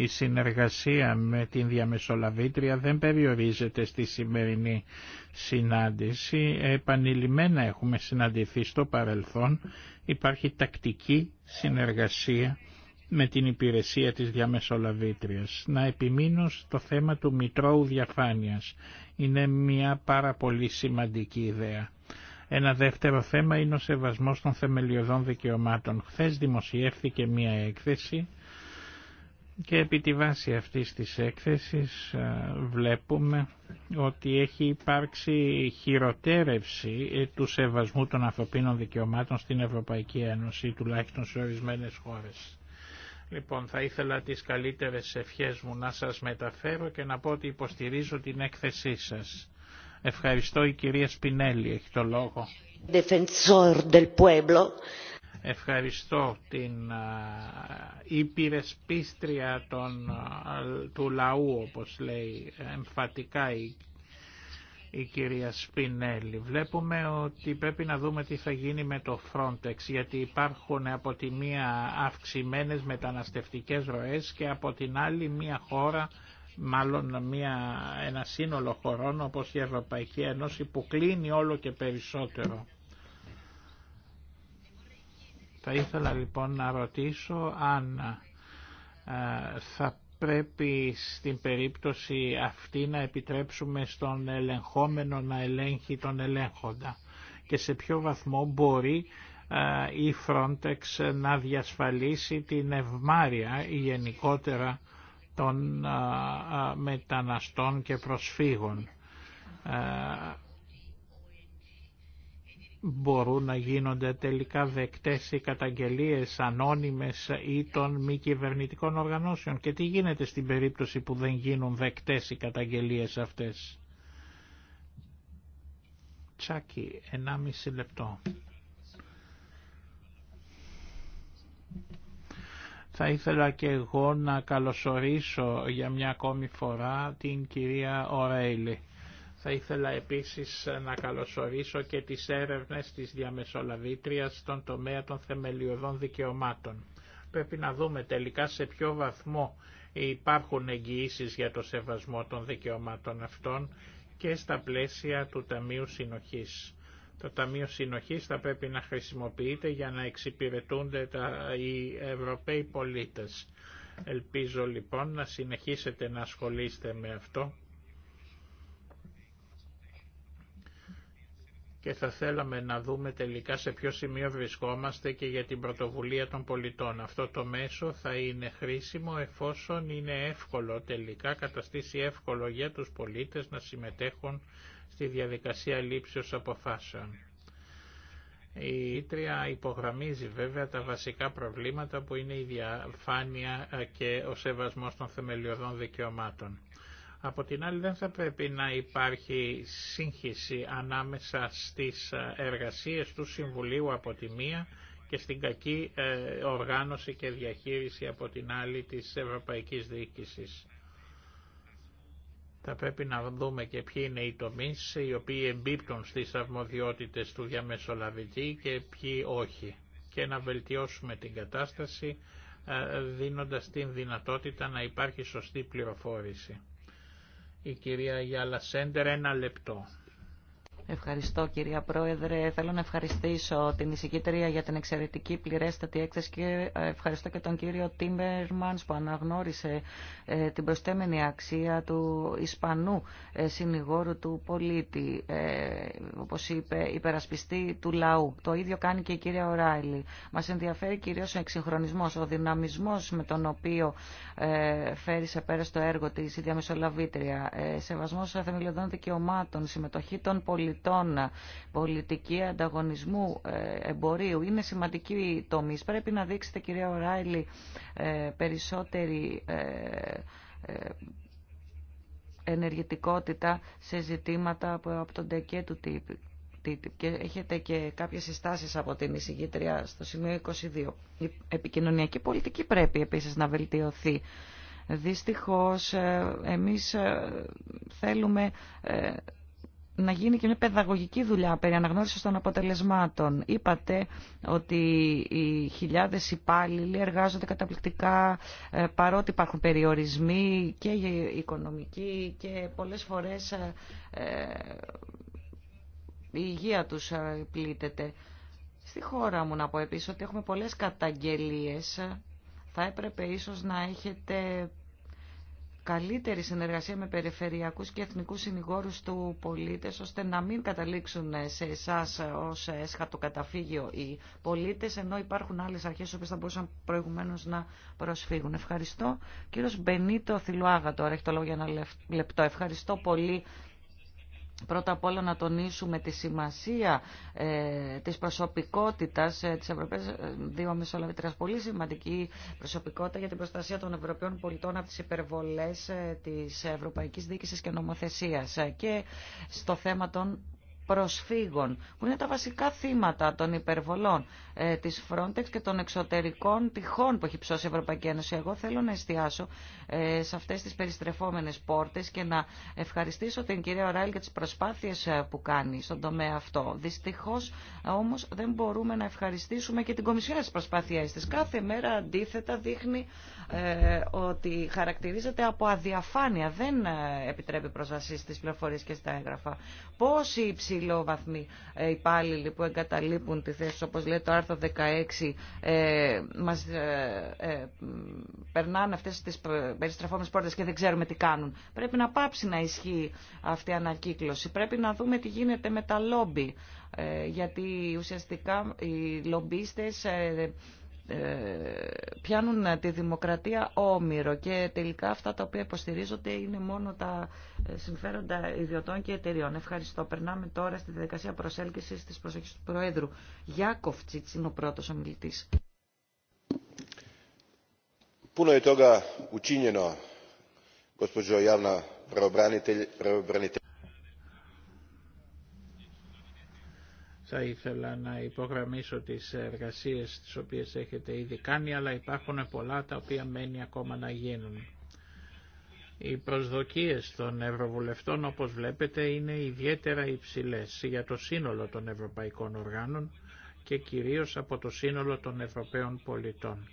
Η συνεργασία με την διαμεσολαβήτρια δεν περιορίζεται στη σημερινή συνάντηση. Επανειλημμένα έχουμε συναντηθεί στο παρελθόν. Υπάρχει τακτική συνεργασία με την υπηρεσία της διαμεσολαβήτριας. Να επιμείνω στο θέμα του μητρώου διαφάνειας. Είναι μια πάρα πολύ σημαντική ιδέα. Ένα δεύτερο θέμα είναι ο σεβασμός των θεμελιωδών δικαιωμάτων. Χθες δημοσιεύθηκε μια έκθεση και επί τη βάση αυτής της έκθεσης ε, βλέπουμε ότι έχει υπάρξει χειροτέρευση ε, του σεβασμού των ανθρωπίνων δικαιωμάτων στην Ευρωπαϊκή Ένωση, τουλάχιστον σε ορισμένες χώρες. Λοιπόν, θα ήθελα τις καλύτερες ευχές μου να σας μεταφέρω και να πω ότι υποστηρίζω την έκθεσή σας. Ευχαριστώ η κυρία Σπινέλη, έχει το λόγο. Ευχαριστώ την υπηρεσπίστρια των, του λαού, όπως λέει εμφατικά η, η κυρία Σπινέλη. Βλέπουμε ότι πρέπει να δούμε τι θα γίνει με το Frontex, γιατί υπάρχουν από τη μία αυξημένες μεταναστευτικές ροές και από την άλλη μία χώρα μάλλον μια, ένα σύνολο χωρών όπως η Ευρωπαϊκή Ένωση που κλείνει όλο και περισσότερο. Θα ήθελα λοιπόν να ρωτήσω αν ε, θα πρέπει στην περίπτωση αυτή να επιτρέψουμε στον ελεγχόμενο να ελέγχει τον ελέγχοντα και σε ποιο βαθμό μπορεί ε, η Frontex να διασφαλίσει την ευμάρεια γενικότερα των ε, μεταναστών και προσφύγων μπορούν να γίνονται τελικά δεκτές οι καταγγελίες ανώνυμες ή των μη κυβερνητικών οργανώσεων και τι γίνεται στην περίπτωση που δεν γίνουν δεκτές οι καταγγελίες αυτές. Τσάκι, 1,5 λεπτό. Θα ήθελα και εγώ να καλωσορίσω για μια ακόμη φορά την κυρία Ωραίλη θα ήθελα επίσης να καλωσορίσω και τις έρευνες της διαμεσολαβήτριας στον τομέα των θεμελιωδών δικαιωμάτων. Πρέπει να δούμε τελικά σε ποιο βαθμό υπάρχουν εγγυήσεις για το σεβασμό των δικαιωμάτων αυτών και στα πλαίσια του Ταμείου Συνοχής. Το Ταμείο Συνοχής θα πρέπει να χρησιμοποιείται για να εξυπηρετούνται τα, οι Ευρωπαίοι πολίτες. Ελπίζω λοιπόν να συνεχίσετε να ασχολείστε με αυτό και θα θέλαμε να δούμε τελικά σε ποιο σημείο βρισκόμαστε και για την πρωτοβουλία των πολιτών. Αυτό το μέσο θα είναι χρήσιμο εφόσον είναι εύκολο τελικά, καταστήσει εύκολο για τους πολίτες να συμμετέχουν στη διαδικασία λήψεως αποφάσεων. Η Ήτρια υπογραμμίζει βέβαια τα βασικά προβλήματα που είναι η διαφάνεια και ο σεβασμός των θεμελιωδών δικαιωμάτων. Από την άλλη δεν θα πρέπει να υπάρχει σύγχυση ανάμεσα στις ε, εργασίες του Συμβουλίου από τη μία και στην κακή ε, οργάνωση και διαχείριση από την άλλη της Ευρωπαϊκής Διοίκησης. Θα πρέπει να δούμε και ποιοι είναι οι τομείς οι οποίοι εμπίπτουν στις αρμοδιότητες του διαμεσολαβητή και ποιοι όχι και να βελτιώσουμε την κατάσταση ε, δίνοντας την δυνατότητα να υπάρχει σωστή πληροφόρηση. Η κυρία Γιάλα Σέντερ, ένα λεπτό. Ευχαριστώ κυρία Πρόεδρε. Θέλω να ευχαριστήσω την εισηγήτρια για την εξαιρετική πληρέστατη έκθεση και ε, ευχαριστώ και τον κύριο Τίμερμανς που αναγνώρισε ε, την προστέμενη αξία του Ισπανού ε, συνηγόρου του πολίτη, όπως είπε, υπερασπιστή του λαού. Το ίδιο κάνει και η κυρία Οράιλη. Μας ενδιαφέρει κυρίως ο εξυγχρονισμός, ο δυναμισμός με τον οποίο φέρει σε πέρα στο έργο της η διαμεσολαβήτρια, σεβασμός θεμελιωδών δικαιωμάτων, συμμετοχή των πολιτών, πολιτών, πολιτική ανταγωνισμού, ε, εμπορίου. Είναι σημαντική τομή. Πρέπει να δείξετε, κυρία Οράιλη, ε, περισσότερη ε, ενεργητικότητα σε ζητήματα που απτονται και του τύπου. Και έχετε και κάποιες συστάσεις από την εισηγήτρια στο σημείο 22. Η επικοινωνιακή πολιτική πρέπει επίσης να βελτιωθεί. Δυστυχώς εμείς θέλουμε να γίνει και μια παιδαγωγική δουλειά περί αναγνώρισης των αποτελεσμάτων. Είπατε ότι οι χιλιάδες υπάλληλοι εργάζονται καταπληκτικά ε, παρότι υπάρχουν περιορισμοί και οικονομικοί και πολλές φορές ε, ε, η υγεία τους πλήττεται. Στη χώρα μου να πω επίσης ότι έχουμε πολλές καταγγελίες. Θα έπρεπε ίσως να έχετε καλύτερη συνεργασία με περιφερειακούς και εθνικούς συνηγόρους του πολίτες, ώστε να μην καταλήξουν σε εσάς ως έσχατο καταφύγιο οι πολίτες, ενώ υπάρχουν άλλες αρχές που θα μπορούσαν προηγουμένως να προσφύγουν. Ευχαριστώ. Κύριος Μπενίτο Θηλουάγα τώρα έχει το λόγο για ένα λεπτό. Ευχαριστώ πολύ Πρώτα απ' όλα να τονίσουμε τη σημασία ε, της προσωπικότητας ε, της Ευρωπαϊκής ε, Δύο Μεσολαβητρίας. Πολύ σημαντική προσωπικότητα για την προστασία των Ευρωπαίων πολιτών από τις υπερβολές ε, της Ευρωπαϊκής Διοίκησης και Νομοθεσίας. Ε, και στο θέμα των προσφύγων, που είναι τα βασικά θύματα των υπερβολών ε, της Frontex και των εξωτερικών τυχών που έχει ψώσει η Ευρωπαϊκή Ένωση. Εγώ θέλω να εστιάσω ε, σε αυτές τις περιστρεφόμενες πόρτες και να ευχαριστήσω την κυρία Ράιλ για τις προσπάθειες ε, που κάνει στον τομέα αυτό. Δυστυχώς ε, όμως δεν μπορούμε να ευχαριστήσουμε και την Κομισιόνα στις προσπάθειές της. Κάθε μέρα αντίθετα δείχνει ότι χαρακτηρίζεται από αδιαφάνεια. Δεν επιτρέπει προσβασή στις πληροφορίες και στα έγγραφα. Πόσοι υψηλόβαθμοι υπάλληλοι που εγκαταλείπουν τη θέση, όπως λέει το άρθρο 16, ε, μας ε, ε, περνάνε αυτές τις περιστραφόμενες πόρτες και δεν ξέρουμε τι κάνουν. Πρέπει να πάψει να ισχύει αυτή η ανακύκλωση. Πρέπει να δούμε τι γίνεται με τα λόμπι, ε, γιατί ουσιαστικά οι λομπίστες ε, ε, πιάνουν τη δημοκρατία όμοιρο και τελικά αυτά τα οποία υποστηρίζονται είναι μόνο τα ε, συμφέροντα ιδιωτών και εταιριών. Ευχαριστώ. Περνάμε τώρα στη διαδικασία προσέλκυσης της προσοχή του Προέδρου. Γιάκοφ Τσίτς είναι ο πρώτος ομιλητής. ούτσινινο Θα ήθελα να υπογραμμίσω τις εργασίες τις οποίες έχετε ήδη κάνει, αλλά υπάρχουν πολλά τα οποία μένει ακόμα να γίνουν. Οι προσδοκίες των Ευρωβουλευτών, όπως βλέπετε, είναι ιδιαίτερα υψηλές για το σύνολο των ευρωπαϊκών οργάνων και κυρίως από το σύνολο των Ευρωπαίων πολιτών.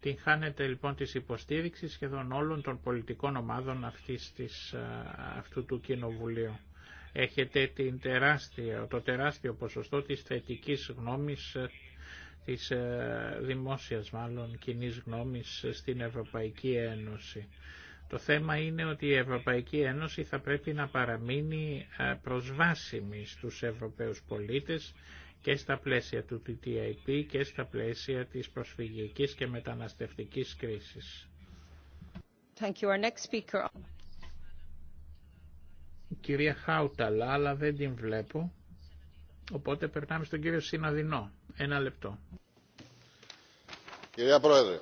Την χάνεται λοιπόν της υποστήριξης σχεδόν όλων των πολιτικών ομάδων της, αυτού του Κοινοβουλίου έχετε την τεράστια, το τεράστιο ποσοστό της θετικής γνώμης ε, της ε, δημόσιας μάλλον κοινής γνώμης ε, στην Ευρωπαϊκή Ένωση. Το θέμα είναι ότι η Ευρωπαϊκή Ένωση θα πρέπει να παραμείνει προσβάσιμη στους Ευρωπαίους πολίτες και στα πλαίσια του TTIP και στα πλαίσια της προσφυγικής και μεταναστευτικής κρίσης. Thank η κυρία Χάουταλα, αλλά δεν την βλέπω. Οπότε περνάμε στον κύριο Συναδινό. Ένα λεπτό. Κυρία Πρόεδρε,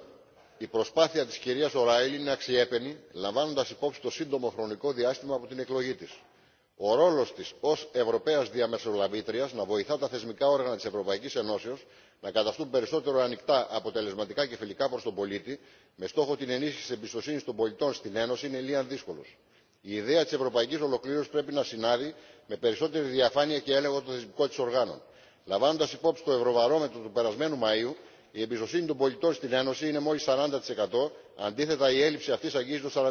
η προσπάθεια της κυρίας Οράιλη είναι αξιέπαινη, λαμβάνοντας υπόψη το σύντομο χρονικό διάστημα από την εκλογή της. Ο ρόλος της ως Ευρωπαίας Διαμεσολαβήτριας να βοηθά τα θεσμικά όργανα της Ευρωπαϊκής Ενώσεως να καταστούν περισσότερο ανοιχτά, αποτελεσματικά και φιλικά προς τον πολίτη, με στόχο την ενίσχυση της εμπιστοσύνης των πολιτών στην Ένωση, είναι λίαν δύσκολος η ιδέα τη ευρωπαϊκή ολοκλήρωση πρέπει να συνάδει με περισσότερη διαφάνεια και έλεγχο των θεσμικών τη οργάνων. λαμβάνοντα υπόψη το ευρωβαρόμετρο του περασμένου μαΐου η εμπιστοσύνη των πολιτών στην ένωση είναι μόλι 40 αντίθετα η έλλειψη αυτής αγγίζει το. 46.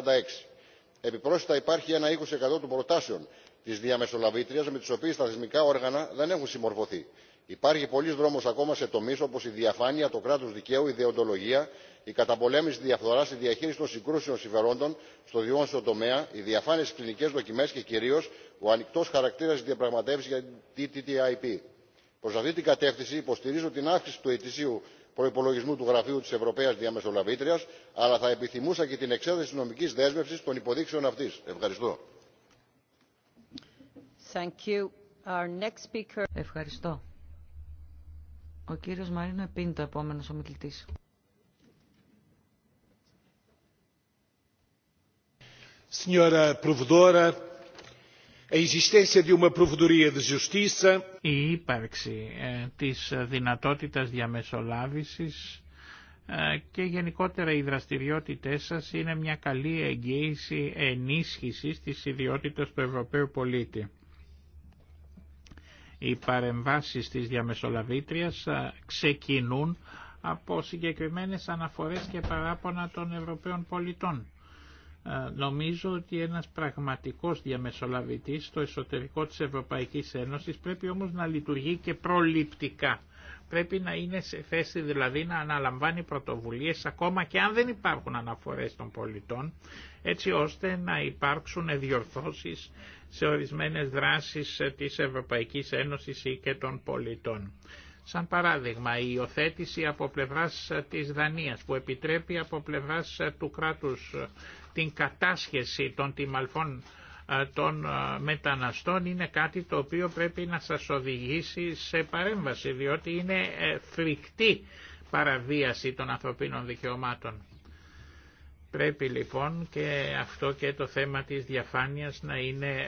επιπρόσθετα υπάρχει ένα 20 των προτάσεων της διαμεσολαβήτρια με τις οποίες τα θεσμικά όργανα δεν έχουν συμμορφωθεί. υπάρχει πολλή δρόμος ακόμα σε τομεί όπω η διαφάνεια το κράτο δικαίου η δεοντολογία η καταπολέμηση της διαφθοράς η διαχείριση των συγκρούσεων συμφερόντων στο δημόσιο τομέα οι διαφάνειες κλινικέ κλινικές δοκιμές και κυρίως ο ανοιχτός χαρακτήρας της διαπραγματεύση για την ttip. προς αυτή την κατεύθυνση υποστηρίζω την αύξηση του ετησίου προϋπολογισμού του γραφείου της ευρωπαίας διαμεσολαβήτριας αλλά θα επιθυμούσα και την εξέταση της νομικής δέσμευσης των υποδείξεων αυτής. ευχαριστώ. Thank Ο Η ύπαρξη ε, της δυνατότητας διαμεσολάβησης ε, και γενικότερα οι δραστηριότητές σας είναι μια καλή εγγύηση ενίσχυσης της ιδιότητας του Ευρωπαίου πολίτη οι παρεμβάσεις της διαμεσολαβήτριας ε, ξεκινούν από συγκεκριμένες αναφορές και παράπονα των Ευρωπαίων πολιτών. Ε, νομίζω ότι ένας πραγματικός διαμεσολαβητής στο εσωτερικό της Ευρωπαϊκής Ένωσης πρέπει όμως να λειτουργεί και προληπτικά. Πρέπει να είναι σε θέση δηλαδή να αναλαμβάνει πρωτοβουλίες ακόμα και αν δεν υπάρχουν αναφορές των πολιτών έτσι ώστε να υπάρξουν διορθώσεις σε ορισμένες δράσεις της Ευρωπαϊκής Ένωσης ή και των πολιτών. Σαν παράδειγμα η υιοθέτηση από πλευράς της Δανίας που επιτρέπει από πλευράς του κράτους την κατάσχεση των τιμαλφών των μεταναστών είναι κάτι το οποίο πρέπει να σας οδηγήσει σε παρέμβαση διότι είναι ε, φρικτή παραβίαση των ανθρωπίνων δικαιωμάτων. Πρέπει λοιπόν και αυτό και το θέμα της διαφάνειας να είναι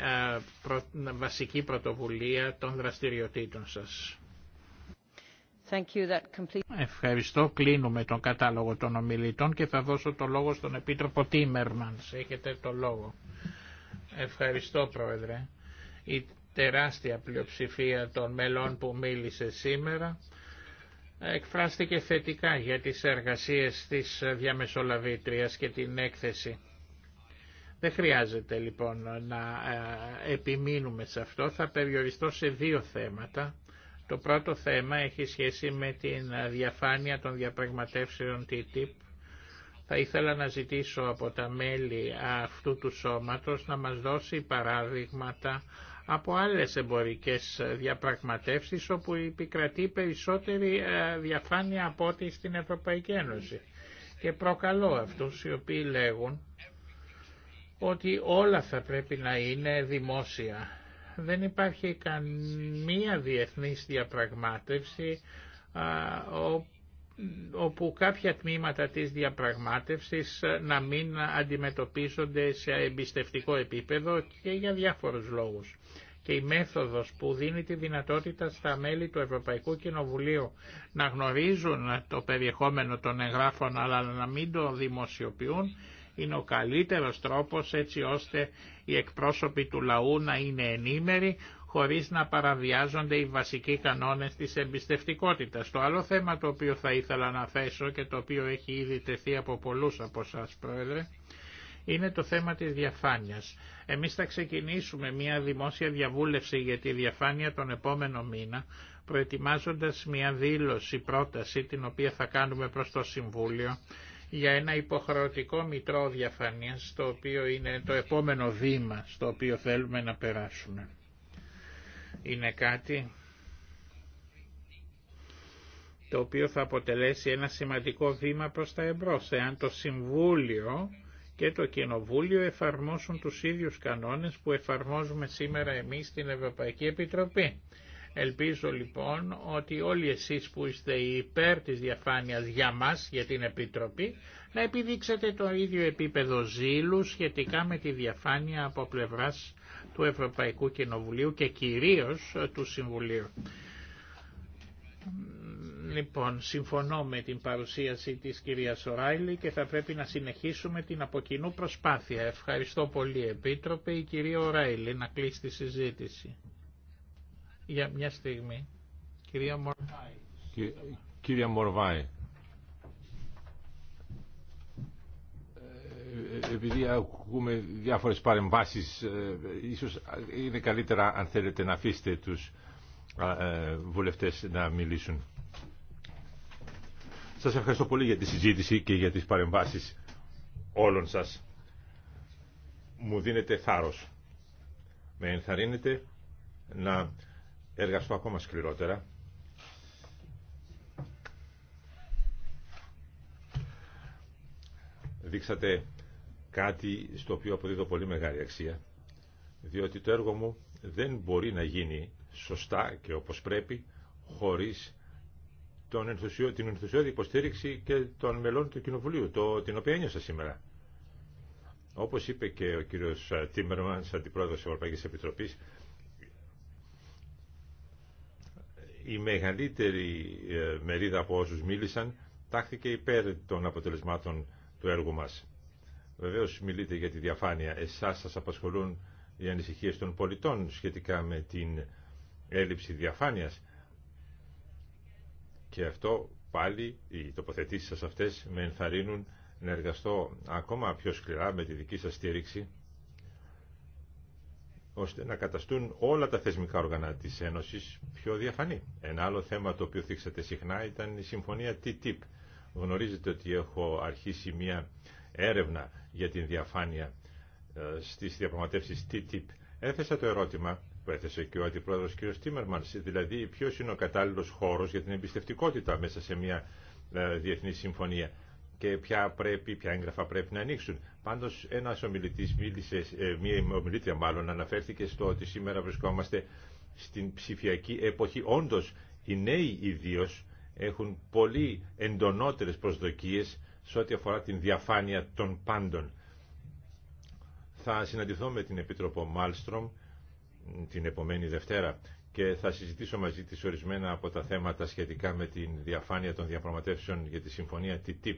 βασική πρωτοβουλία των δραστηριοτήτων σας. Ευχαριστώ. Κλείνουμε τον κατάλογο των ομιλητών και θα δώσω το λόγο στον Επίτροπο Τίμερμανς. Έχετε το λόγο. Ευχαριστώ Πρόεδρε. Η τεράστια πλειοψηφία των μελών που μίλησε σήμερα εκφράστηκε θετικά για τις εργασίες της διαμεσολαβήτριας και την έκθεση. Δεν χρειάζεται λοιπόν να ε, επιμείνουμε σε αυτό, θα περιοριστώ σε δύο θέματα το πρώτο θέμα έχει σχέση με την διαφάνεια των διαπραγματεύσεων TTIP. Θα ήθελα να ζητήσω από τα μέλη αυτού του σώματος να μας δώσει παράδειγματα από άλλες εμπορικές διαπραγματεύσεις όπου επικρατεί περισσότερη ε, διαφάνεια από ό,τι στην Ευρωπαϊκή Ένωση. Και προκαλώ αυτούς οι οποίοι λέγουν ότι όλα θα πρέπει να είναι δημόσια δεν υπάρχει καμία διεθνής διαπραγμάτευση όπου κάποια τμήματα της διαπραγμάτευσης ε, να μην αντιμετωπίζονται σε εμπιστευτικό επίπεδο και για διάφορους λόγους. Και η μέθοδος που δίνει τη δυνατότητα στα μέλη του Ευρωπαϊκού Κοινοβουλίου να γνωρίζουν το περιεχόμενο των εγγράφων αλλά να μην το δημοσιοποιούν είναι ο καλύτερος τρόπος έτσι ώστε οι εκπρόσωποι του λαού να είναι ενήμεροι χωρίς να παραβιάζονται οι βασικοί κανόνες της εμπιστευτικότητας. Το άλλο θέμα το οποίο θα ήθελα να θέσω και το οποίο έχει ήδη τεθεί από πολλούς από εσά Πρόεδρε, είναι το θέμα της διαφάνειας. Εμείς θα ξεκινήσουμε μια δημόσια διαβούλευση για τη διαφάνεια τον επόμενο μήνα, προετοιμάζοντας μια δήλωση, πρόταση, την οποία θα κάνουμε προς το Συμβούλιο, για ένα υποχρεωτικό μητρό διαφανείας, το οποίο είναι το επόμενο βήμα στο οποίο θέλουμε να περάσουμε. Είναι κάτι το οποίο θα αποτελέσει ένα σημαντικό βήμα προς τα εμπρός, εάν το Συμβούλιο και το Κοινοβούλιο εφαρμόσουν τους ίδιους κανόνες που εφαρμόζουμε σήμερα εμείς στην Ευρωπαϊκή Επιτροπή. Ελπίζω λοιπόν ότι όλοι εσείς που είστε υπέρ της διαφάνειας για μας, για την Επίτροπη, να επιδείξετε το ίδιο επίπεδο ζήλου σχετικά με τη διαφάνεια από πλευράς του Ευρωπαϊκού Κοινοβουλίου και κυρίως ε, του Συμβουλίου. Λοιπόν, συμφωνώ με την παρουσίαση της κυρίας Οράιλη και θα πρέπει να συνεχίσουμε την αποκοινού προσπάθεια. Ευχαριστώ πολύ, Επίτροπε. Η κυρία Ωράιλη να κλείσει τη συζήτηση. Για μια στιγμή. Κυρία Μορβάη. κυρία Μορβάη. Ε, επειδή ακούμε διάφορες παρεμβάσεις, ε, ίσως είναι καλύτερα αν θέλετε να αφήσετε τους ε, βουλευτές να μιλήσουν. Σας ευχαριστώ πολύ για τη συζήτηση και για τις παρεμβάσεις όλων σας. Μου δίνετε θάρρος. Με ενθαρρύνετε να εργαστώ ακόμα σκληρότερα. Δείξατε κάτι στο οποίο αποδίδω πολύ μεγάλη αξία, διότι το έργο μου δεν μπορεί να γίνει σωστά και όπως πρέπει χωρίς τον την ενθουσιώδη υποστήριξη και των μελών του Κοινοβουλίου, το... την οποία ένιωσα σήμερα. Όπως είπε και ο κύριος Τίμερμανς, αντιπρόεδρος της Ευρωπαϊκής Επιτροπής, η μεγαλύτερη ε, μερίδα από όσους μίλησαν τάχθηκε υπέρ των αποτελεσμάτων του έργου μας. Βεβαίως μιλείτε για τη διαφάνεια. Εσάς σας απασχολούν οι ανησυχίες των πολιτών σχετικά με την έλλειψη διαφάνειας. Και αυτό πάλι οι τοποθετήσεις σας αυτές με ενθαρρύνουν να εργαστώ ακόμα πιο σκληρά με τη δική σας στήριξη ώστε να καταστούν όλα τα θεσμικά όργανα της Ένωσης πιο διαφανή. Ένα άλλο θέμα το οποίο θίξατε συχνά ήταν η συμφωνία TTIP. Γνωρίζετε ότι έχω αρχίσει μια έρευνα για την διαφάνεια ε, στις διαπραγματεύσεις TTIP. Έθεσα το ερώτημα που έθεσε και ο Αντιπρόεδρος κ. Τίμερμανς, δηλαδή ποιος είναι ο κατάλληλος χώρος για την εμπιστευτικότητα μέσα σε μια ε, διεθνή συμφωνία και ποια, πρέπει, ποια έγγραφα πρέπει να ανοίξουν. Πάντως ένας ομιλητής μίλησε, ε, μία ομιλήτρια μάλλον αναφέρθηκε στο ότι σήμερα βρισκόμαστε στην ψηφιακή εποχή. Όντως οι νέοι ιδίω έχουν πολύ εντονότερες προσδοκίες σε ό,τι αφορά την διαφάνεια των πάντων. Θα συναντηθώ με την Επίτροπο Μάλστρομ την επομένη Δευτέρα και θα συζητήσω μαζί της ορισμένα από τα θέματα σχετικά με την διαφάνεια των διαπραγματεύσεων για τη συμφωνία TTIP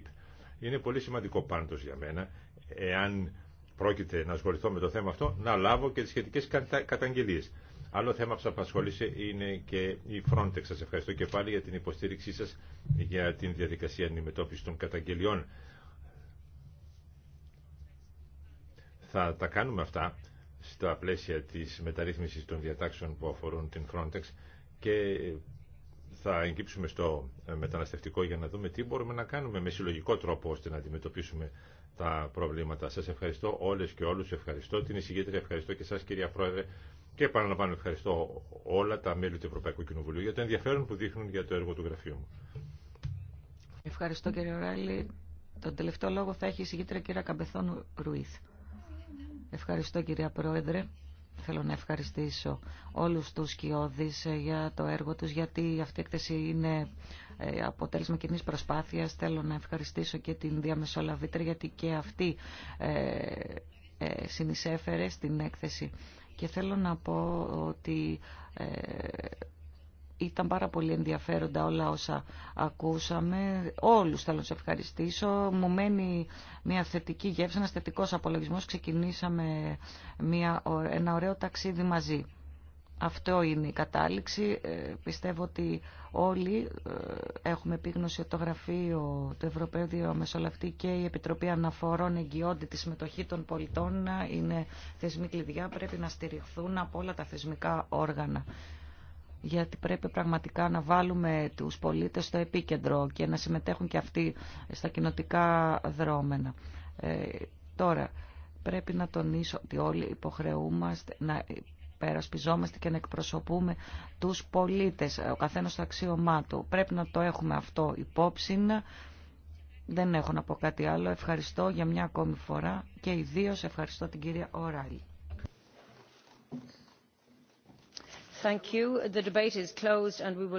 είναι πολύ σημαντικό πάντως για μένα, εάν πρόκειται να ασχοληθώ με το θέμα αυτό, να λάβω και τις σχετικές καταγγελίες. Άλλο θέμα που σα απασχόλησε είναι και η Frontex. Σα ευχαριστώ και πάλι για την υποστήριξή σα για την διαδικασία αντιμετώπιση των καταγγελιών. Θα τα κάνουμε αυτά στα πλαίσια της μεταρρύθμισης των διατάξεων που αφορούν την Frontex και θα εγκύψουμε στο ε, μεταναστευτικό για να δούμε τι μπορούμε να κάνουμε με συλλογικό τρόπο ώστε να αντιμετωπίσουμε τα προβλήματα. Σας ευχαριστώ όλες και όλους, ευχαριστώ την εισηγήτρια, ευχαριστώ και σας κυρία Πρόεδρε και επαναλαμβάνω ευχαριστώ όλα τα μέλη του Ευρωπαϊκού Κοινοβουλίου για το ενδιαφέρον που δείχνουν για το έργο του γραφείου μου. Ευχαριστώ κύριε Ράλη. Το τελευταίο λόγο θα έχει η εισηγήτρια κυρία Καμπεθόνου Ρουίθ. Ευχαριστώ κυρία Πρόεδρε. Θέλω να ευχαριστήσω όλους τους κοιόδης ε, για το έργο τους, γιατί αυτή η έκθεση είναι ε, αποτέλεσμα κοινή προσπάθειας. Θέλω να ευχαριστήσω και την διαμεσολαβήτρια, γιατί και αυτή ε, συνεισέφερε στην έκθεση. Και θέλω να πω ότι ήταν πάρα πολύ ενδιαφέροντα όλα όσα ακούσαμε. Όλους θέλω να ευχαριστήσω. Μου μένει μια θετική γεύση, ένας θετικός απολογισμός. Ξεκινήσαμε μια, ένα ωραίο ταξίδι μαζί. Αυτό είναι η κατάληξη. Ε, πιστεύω ότι όλοι ε, έχουμε επίγνωση το Γραφείο του Ευρωπαίου Διαμεσολαυτή και η Επιτροπή Αναφορών Εγγυώνται τη συμμετοχή των πολιτών είναι θεσμοί κλειδιά, πρέπει να στηριχθούν από όλα τα θεσμικά όργανα γιατί πρέπει πραγματικά να βάλουμε τους πολίτες στο επίκεντρο και να συμμετέχουν και αυτοί στα κοινοτικά δρόμενα. Ε, τώρα, πρέπει να τονίσω ότι όλοι υποχρεούμαστε να περασπιζόμαστε και να εκπροσωπούμε τους πολίτες, ο καθένας στο αξίωμά του. Πρέπει να το έχουμε αυτό υπόψη. Δεν έχω να πω κάτι άλλο. Ευχαριστώ για μια ακόμη φορά και ιδίως ευχαριστώ την κυρία Οράλη. Thank you. The debate is closed and we will